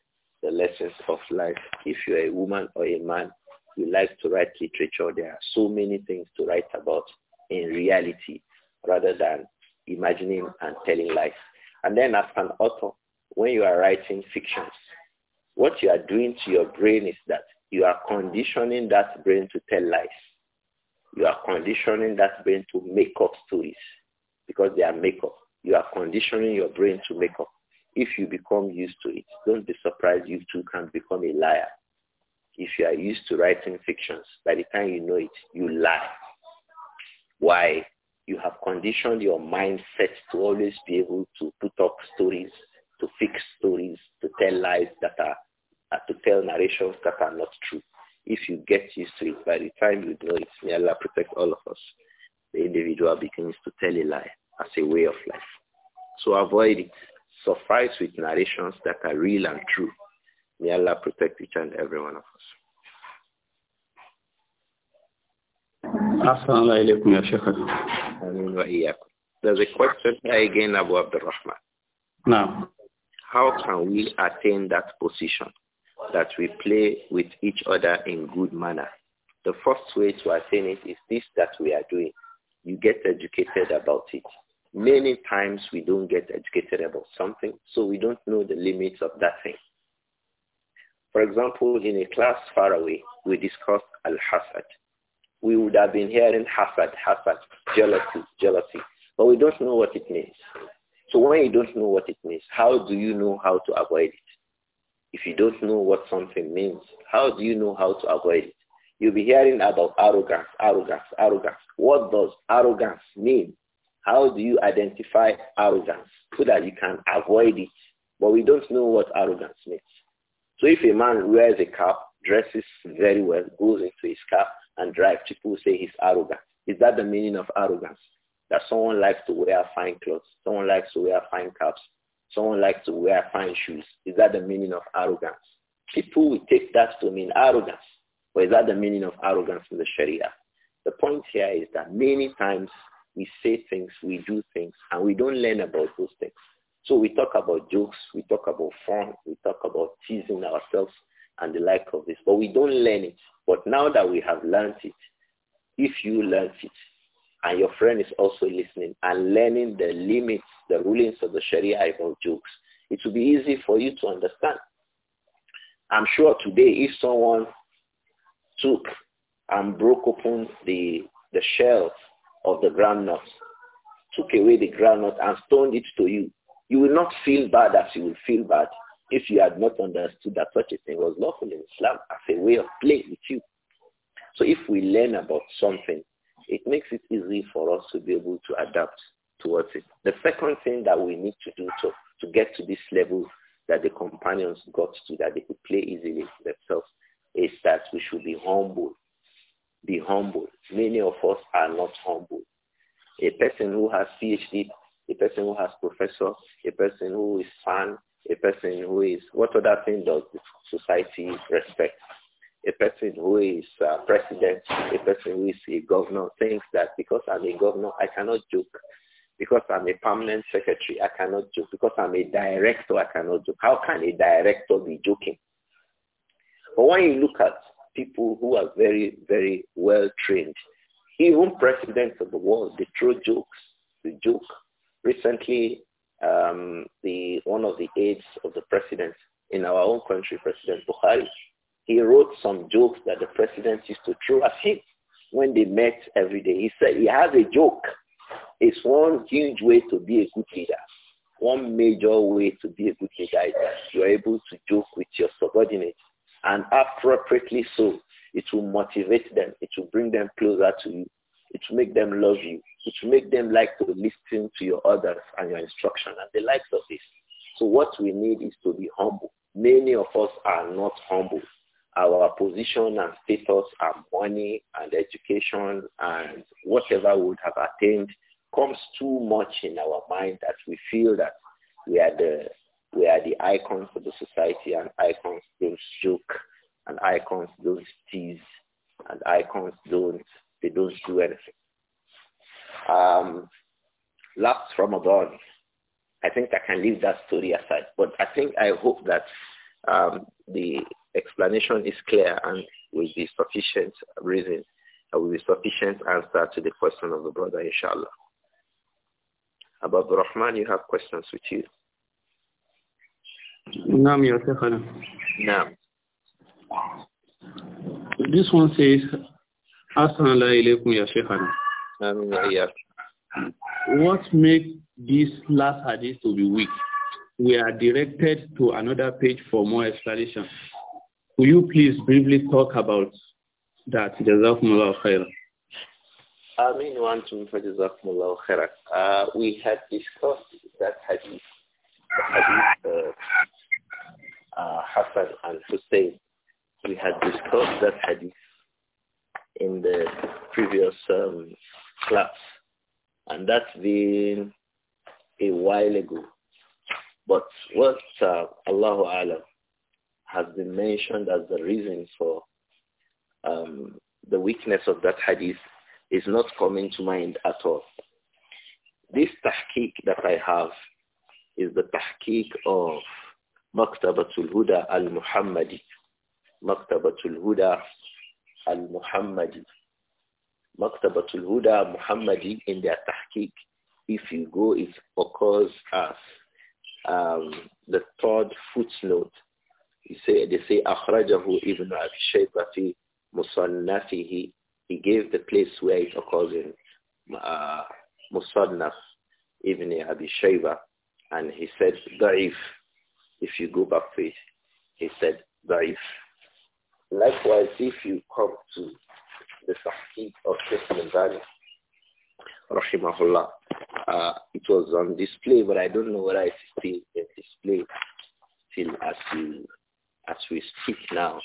the lessons of life. If you're a woman or a man, you like to write literature. There are so many things to write about in reality rather than imagining and telling lies. And then as an author, when you are writing fictions, what you are doing to your brain is that you are conditioning that brain to tell lies. You are conditioning that brain to make up stories because they are makeup. You are conditioning your brain to make up. If you become used to it, don't be surprised you too can become a liar. If you are used to writing fictions, by the time you know it, you lie. Why? You have conditioned your mindset to always be able to put up stories, to fix stories, to tell lies that are, uh, to tell narrations that are not true. If you get used to it, by the time you know it, may Allah protect all of us the individual begins to tell a lie as a way of life. So avoid it. Suffice with narrations that are real and true. May Allah protect each and every one of us. there's a question here again Abu Abdurrahman now how can we attain that position that we play with each other in good manner the first way to attain it is this that we are doing you get educated about it. Many times we don't get educated about something, so we don't know the limits of that thing. For example, in a class far away, we discussed al-hasad. We would have been hearing hasad, hasad, jealousy, jealousy, but we don't know what it means. So when you don't know what it means, how do you know how to avoid it? If you don't know what something means, how do you know how to avoid it? You'll be hearing about arrogance, arrogance, arrogance. What does arrogance mean? How do you identify arrogance so that you can avoid it? But we don't know what arrogance means. So if a man wears a cap, dresses very well, goes into his car and drives, people say he's arrogant. Is that the meaning of arrogance? That someone likes to wear fine clothes, someone likes to wear fine caps, someone likes to wear fine shoes. Is that the meaning of arrogance? People will take that to mean arrogance. Or is that the meaning of arrogance in the Sharia? The point here is that many times we say things, we do things, and we don't learn about those things. So we talk about jokes, we talk about fun, we talk about teasing ourselves and the like of this, but we don't learn it. But now that we have learned it, if you learn it, and your friend is also listening and learning the limits, the rulings of the Sharia about jokes, it will be easy for you to understand. I'm sure today if someone took and broke open the, the shell of the groundnut, took away the groundnut and stoned it to you, you will not feel bad as you will feel bad if you had not understood that such a thing was lawful in Islam as a way of play with you. So if we learn about something, it makes it easy for us to be able to adapt towards it. The second thing that we need to do to, to get to this level that the companions got to, that they could play easily themselves, is that we should be humble. Be humble. Many of us are not humble. A person who has PhD, a person who has professor, a person who is fan, a person who is, what other thing does society respect? A person who is uh, president, a person who is a governor thinks that because I'm a governor, I cannot joke. Because I'm a permanent secretary, I cannot joke. Because I'm a director, I cannot joke. How can a director be joking? But when you look at people who are very, very well trained, even presidents of the world, they throw jokes. They joke. Recently, um, the one of the aides of the president in our own country, President Buhari, he wrote some jokes that the president used to throw at him when they met every day. He said he has a joke. It's one huge way to be a good leader. One major way to be a good leader is that you're able to joke with your subordinates and appropriately so. It will motivate them. It will bring them closer to you. It will make them love you. It will make them like to listen to your orders and your instruction and the likes of this. So what we need is to be humble. Many of us are not humble. Our position and status and money and education and whatever we would have attained comes too much in our mind that we feel that we are the where the icons of the society and icons don't joke and icons don't tease and icons don't, they don't do anything. Um, last Ramadan, I think I can leave that story aside, but I think I hope that um, the explanation is clear and will be sufficient reason, uh, will be sufficient answer to the question of the brother, inshallah. the Rahman, you have questions with you. Naam, your second. Naam. This one says, Assalamu alaikum, ya Shaykhana. Amin, What makes this last hadith to be weak? We are directed to another page for more explanation. Will you please briefly talk about that? Jazakumullah khairan. Amin one two for Jazakumullah khairan. Uh, we had discussed that hadith, the hadith uh, uh, Hassan and Hussein. We had discussed that hadith in the previous um, class, and that's been a while ago. But what uh, Allahu Alam has been mentioned as the reason for um, the weakness of that hadith is not coming to mind at all. This tahqiq that I have is the tahqiq of مكتبة Huda al-Muhammadi. الهدى Huda al-Muhammadi. Maktabatul Huda Muhammadi in their tahqiq, if you go, it occurs as um, the third footnote. You say, they say, أخرجه ابن أبي شيبة في مصنفه. He gave the place where it occurs in مصنف ابن أبي شيبة, And he said, ضعيف if you go back to it, he said, Da'if. Likewise, if you come to the Sahih of Sheikh Mizani, Rahimahullah, uh, it was on display, but I don't know whether it's still in display still as we, as we speak now.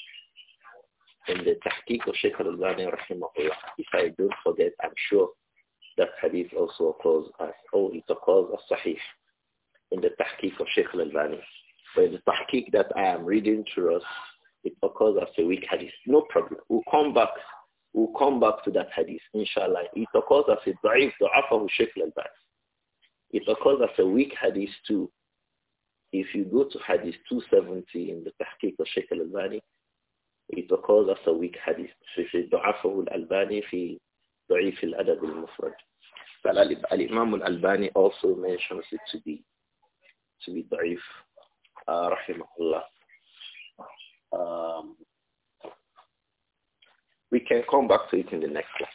In the Tahqiq of Sheikh Al-Albani, Rahimahullah, if I don't forget, I'm sure that hadith also occurs as, oh, it occurs as Sahih in the Tahqiq of Sheikh Al-Albani. But the tahqiq that I am reading to us, it occurs as a weak hadith. No problem. We'll come back. We'll come back to that hadith, inshallah. It occurs as a da'if, da'afahu shaykh al It occurs as a weak hadith too. If you go to hadith 270 in the tahqiq of Shaykh al-Albani, it occurs as a weak hadith. So في دعافه al في ضعيف الأدب المفرد. al الألباني also mentions it to be to be daif rahimahullah. Um, we can come back to it in the next class.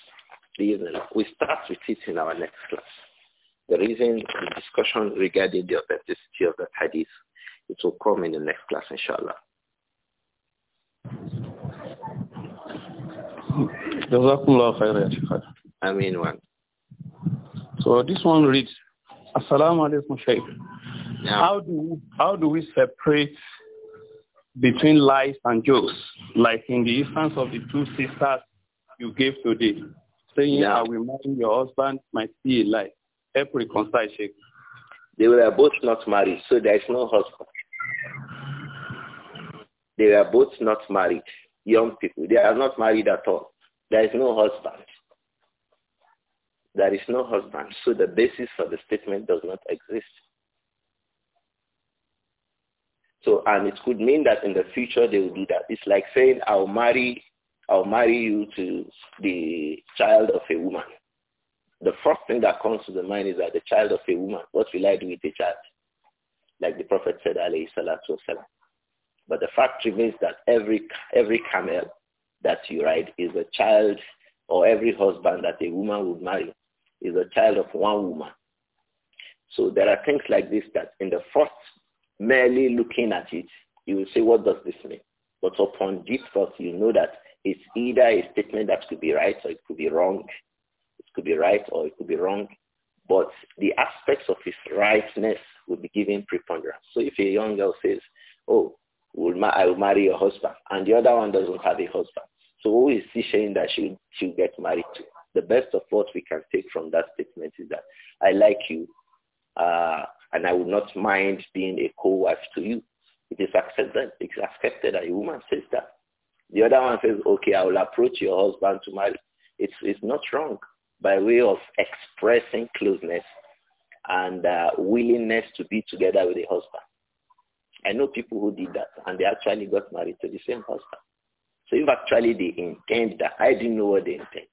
We start with it in our next class. The reason the discussion regarding the authenticity of the hadith, it will come in the next class, inshallah. Jazakumullah khairan. one. So this one reads, Assalamu alaikum shaykh how do how do we separate between lies and jokes, like in the instance of the two sisters you gave today, saying now, I will marry your husband might be a lie. Help reconcile, Sheikh. They were both not married, so there is no husband. They were both not married, young people. They are not married at all. There is no husband. There is no husband, so the basis for the statement does not exist. So, and it could mean that in the future they will do that. It's like saying, I'll marry, I'll marry you to the child of a woman. The first thing that comes to the mind is that the child of a woman, what will I do with the child? Like the Prophet said, alayhi salatu wasalam. But the fact remains that every, every camel that you ride is a child or every husband that a woman would marry is a child of one woman. So there are things like this that in the first merely looking at it, you will say, what does this mean? But upon deep thought, you know that it's either a statement that could be right or it could be wrong. It could be right or it could be wrong. But the aspects of its rightness will be given preponderance. So if a young girl says, oh, I will marry your husband, and the other one doesn't have a husband, so who is she saying that she she'll get married to? The best of what we can take from that statement is that I like you. Uh, and I would not mind being a co-wife to you. It is accepted. It is accepted that a woman says that. The other one says, okay, I will approach your husband to marry. It's, it's not wrong by way of expressing closeness and uh, willingness to be together with a husband. I know people who did that, and they actually got married to the same husband. So if actually they intend that, I didn't know what they intend,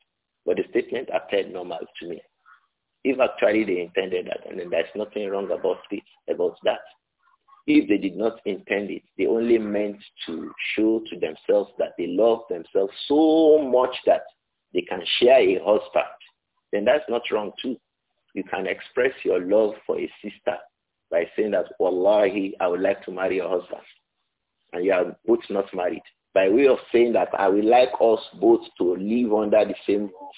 but the statement appeared normal to me. If actually they intended that, and then there's nothing wrong about it, about that. If they did not intend it, they only meant to show to themselves that they love themselves so much that they can share a husband, then that's not wrong too. You can express your love for a sister by saying that, Wallahi, I would like to marry your husband. And you are both not married. By way of saying that, I would like us both to live under the same roof,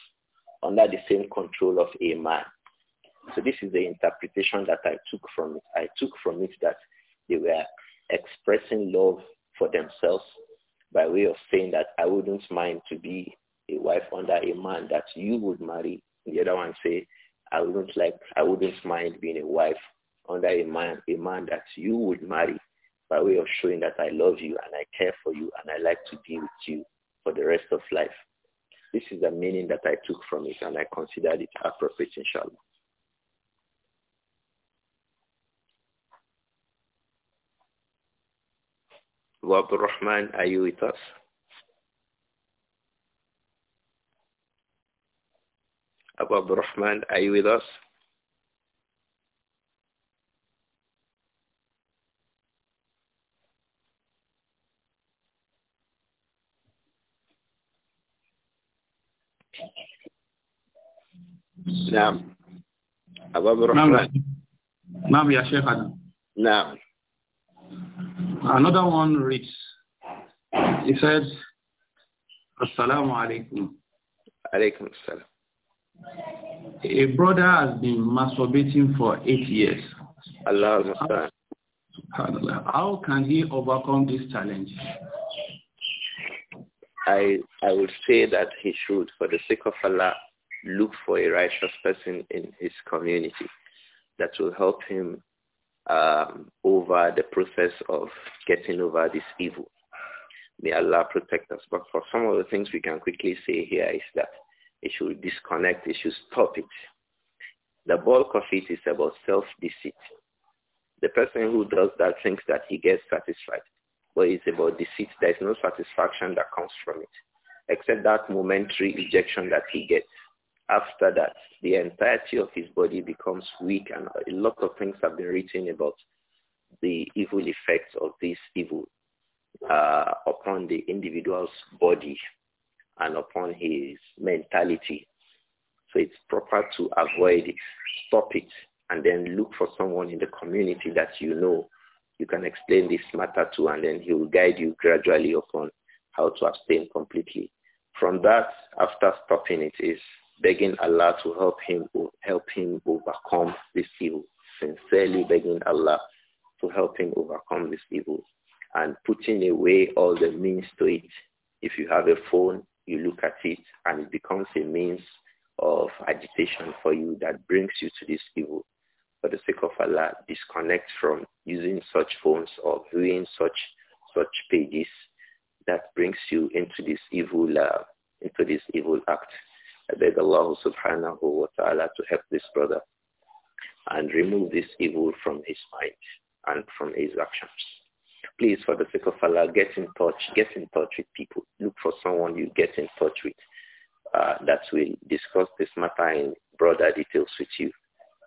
under the same control of a man. So this is the interpretation that I took from it. I took from it that they were expressing love for themselves by way of saying that I wouldn't mind to be a wife under a man that you would marry. The other one say, I wouldn't like, I wouldn't mind being a wife under a man, a man that you would marry by way of showing that I love you and I care for you and I like to be with you for the rest of life. This is the meaning that I took from it and I considered it appropriate, inshallah. وعبد الرحمن are أبو عبد الرحمن Abu نعم أبو عبد الرحمن نعم يا شيخ نعم, نعم. Another one reads, he says, Assalamu alaikum. Alaikum assalam. A brother has been masturbating for eight years. Allah how, how can he overcome this challenge? I I would say that he should, for the sake of Allah, look for a righteous person in his community that will help him um, over the process of getting over this evil. May Allah protect us. But for some of the things we can quickly say here is that it should disconnect, it should stop it. The bulk of it is about self-deceit. The person who does that thinks that he gets satisfied, but it's about deceit. There is no satisfaction that comes from it, except that momentary ejection that he gets. After that, the entirety of his body becomes weak and a lot of things have been written about the evil effects of this evil uh, upon the individual's body and upon his mentality. So it's proper to avoid it, stop it, and then look for someone in the community that you know you can explain this matter to, and then he will guide you gradually upon how to abstain completely. From that, after stopping it is begging Allah to help him help him overcome this evil, sincerely begging Allah to help him overcome this evil and putting away all the means to it. If you have a phone, you look at it and it becomes a means of agitation for you that brings you to this evil. For the sake of Allah, disconnect from using such phones or viewing such such pages that brings you into this evil uh, into this evil act. I beg Allah subhanahu wa ta'ala to help this brother and remove this evil from his mind and from his actions. Please, for the sake of Allah, get in touch. Get in touch with people. Look for someone you get in touch with uh, that will discuss this matter in broader details with you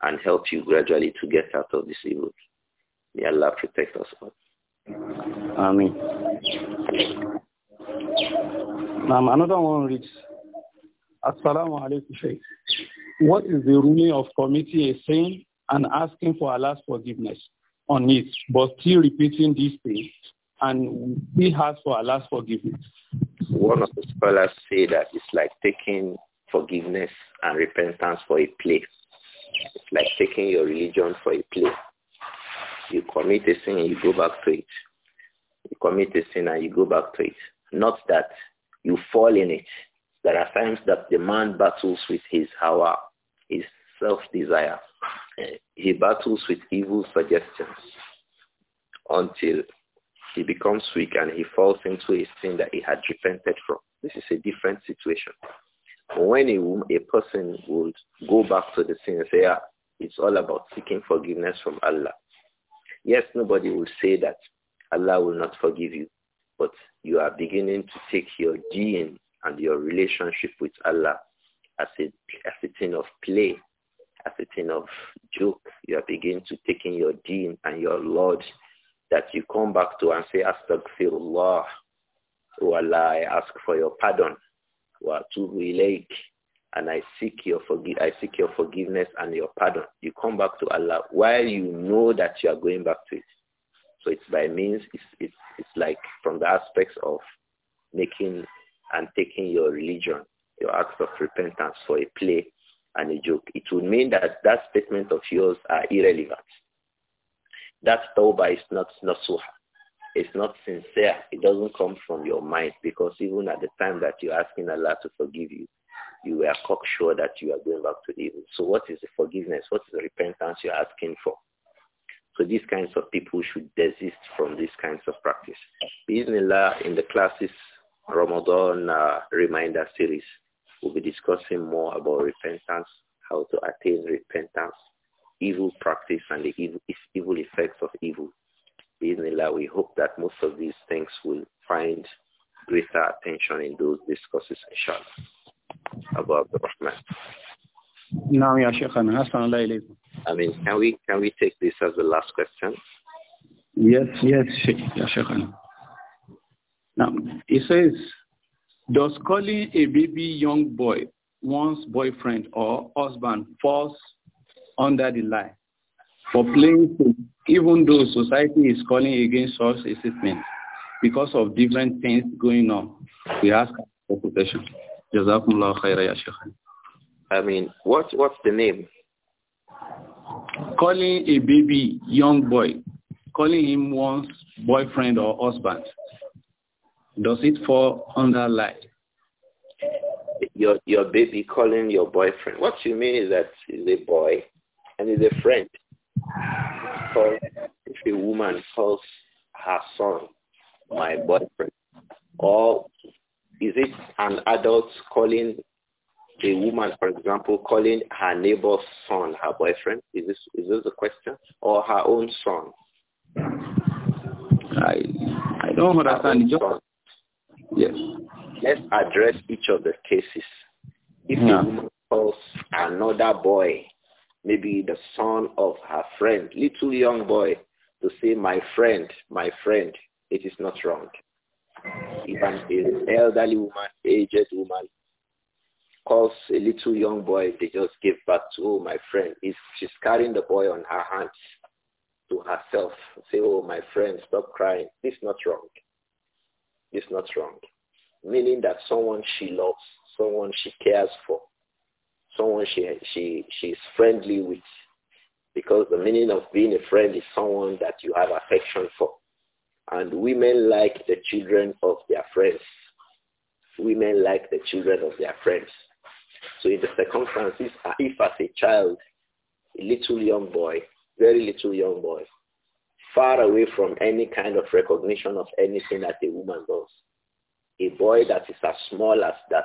and help you gradually to get out of this evil. May Allah protect us all. Amen. Um, another one reads, Assalamu alaikum, Shaykh. What is the ruling of committing a sin and asking for Allah's forgiveness on it, but still repeating this thing, and we ask for Allah's forgiveness? One of the scholars say that it's like taking forgiveness and repentance for a play. It's like taking your religion for a play. You commit a sin and you go back to it. You commit a sin and you go back to it. Not that you fall in it there are times that the man battles with his hawa, his self-desire. He battles with evil suggestions until he becomes weak and he falls into a sin that he had repented from. This is a different situation. When a, a person would go back to the sin and say, ah, it's all about seeking forgiveness from Allah. Yes, nobody will say that Allah will not forgive you, but you are beginning to take your deen and your relationship with Allah as a, as a thing of play, as a thing of joke. You are beginning to take in your deen and your Lord that you come back to and say, Astaghfirullah, O oh Allah, I ask for your pardon. Wa ilayk, and I seek your forgive, I seek your forgiveness and your pardon. You come back to Allah while you know that you are going back to it. So it's by means, it's, it's, it's like from the aspects of making and taking your religion, your acts of repentance for a play and a joke. It would mean that that statement of yours are irrelevant. That tawbah is not nasuha. It's not sincere. It doesn't come from your mind because even at the time that you're asking Allah to forgive you, you were cocksure that you are going back to evil. So what is the forgiveness? What is the repentance you're asking for? So these kinds of people should desist from these kinds of practice. Bismillah, in the classes Ramadan uh, reminder series. We'll be discussing more about repentance, how to attain repentance, evil practice and the evil, evil effects of evil. Bismillah, we hope that most of these things will find greater attention in those discourses, inshallah. about the نعم يا شيخنا أحسن I mean, can we can we take this as the last question? Yes, yes, يا now, it says, does calling a baby young boy one's boyfriend or husband falls under the lie for playing even though society is calling against such a statement because of different things going on. We ask for protection. I mean, what, what's the name? Calling a baby young boy, calling him one's boyfriend or husband does it fall under lie? Your your baby calling your boyfriend. What you mean is that he's a boy and he's a friend. if a woman calls her son my boyfriend, or is it an adult calling a woman, for example, calling her neighbor's son her boyfriend? Is this is this the question? Or her own son? I I don't understand. Yes. Let's address each of the cases. If yeah. a woman calls another boy, maybe the son of her friend, little young boy, to say, my friend, my friend, it is not wrong. If an elderly woman, aged woman, calls a little young boy they just give back, to, oh, my friend, if she's carrying the boy on her hands to herself, say, oh, my friend, stop crying. It's not wrong is not wrong. Meaning that someone she loves, someone she cares for, someone she, she, is friendly with. Because the meaning of being a friend is someone that you have affection for. And women like the children of their friends. Women like the children of their friends. So in the circumstances, if as a child, a little young boy, very little young boy, far away from any kind of recognition of anything that a woman does. A boy that is as small as that,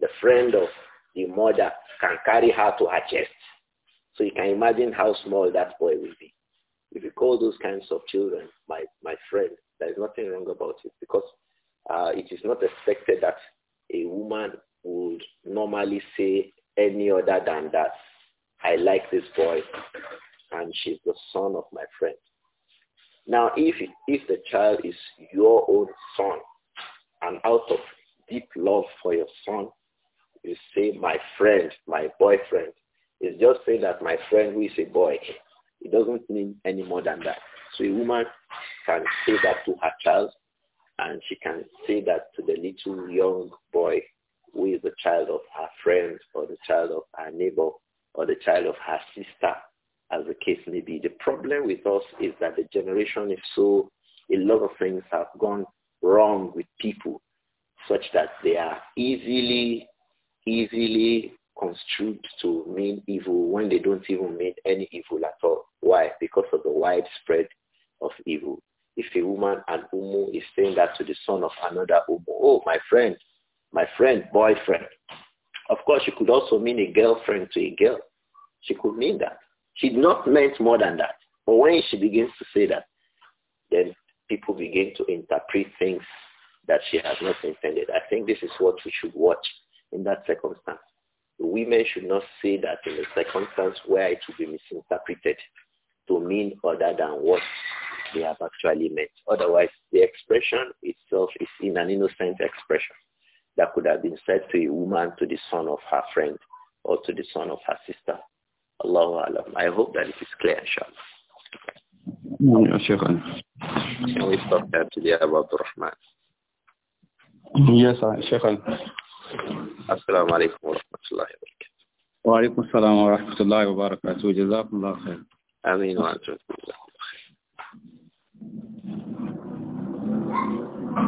the friend of the mother can carry her to her chest. So you can imagine how small that boy will be. If you call those kinds of children, my, my friend, there is nothing wrong about it because uh, it is not expected that a woman would normally say any other than that. I like this boy and she's the son of my friend. Now, if, if the child is your own son, and out of deep love for your son, you say, my friend, my boyfriend, it's just saying that my friend who is a boy, it doesn't mean any more than that. So a woman can say that to her child, and she can say that to the little young boy who is the child of her friend or the child of her neighbor or the child of her sister as the case may be. The problem with us is that the generation, if so, a lot of things have gone wrong with people such that they are easily, easily construed to mean evil when they don't even mean any evil at all. Why? Because of the widespread of evil. If a woman, an umu, is saying that to the son of another umu, oh, my friend, my friend, boyfriend. Of course, she could also mean a girlfriend to a girl. She could mean that. She not meant more than that. But when she begins to say that, then people begin to interpret things that she has not intended. I think this is what we should watch in that circumstance. The women should not say that in a circumstance where it will be misinterpreted to mean other than what they have actually meant. Otherwise, the expression itself is in an innocent expression that could have been said to a woman, to the son of her friend, or to the son of her sister, Allahu Alam. I hope that it is clear, inshallah. Can we stop there today about Rahman? Yes, uh, sir. Assalamu alaikum wa rahmatullahi wa barakatuh. Wa alaikum wa rahmatullahi wa barakatuh. Jazakumullah khair. Ameen wa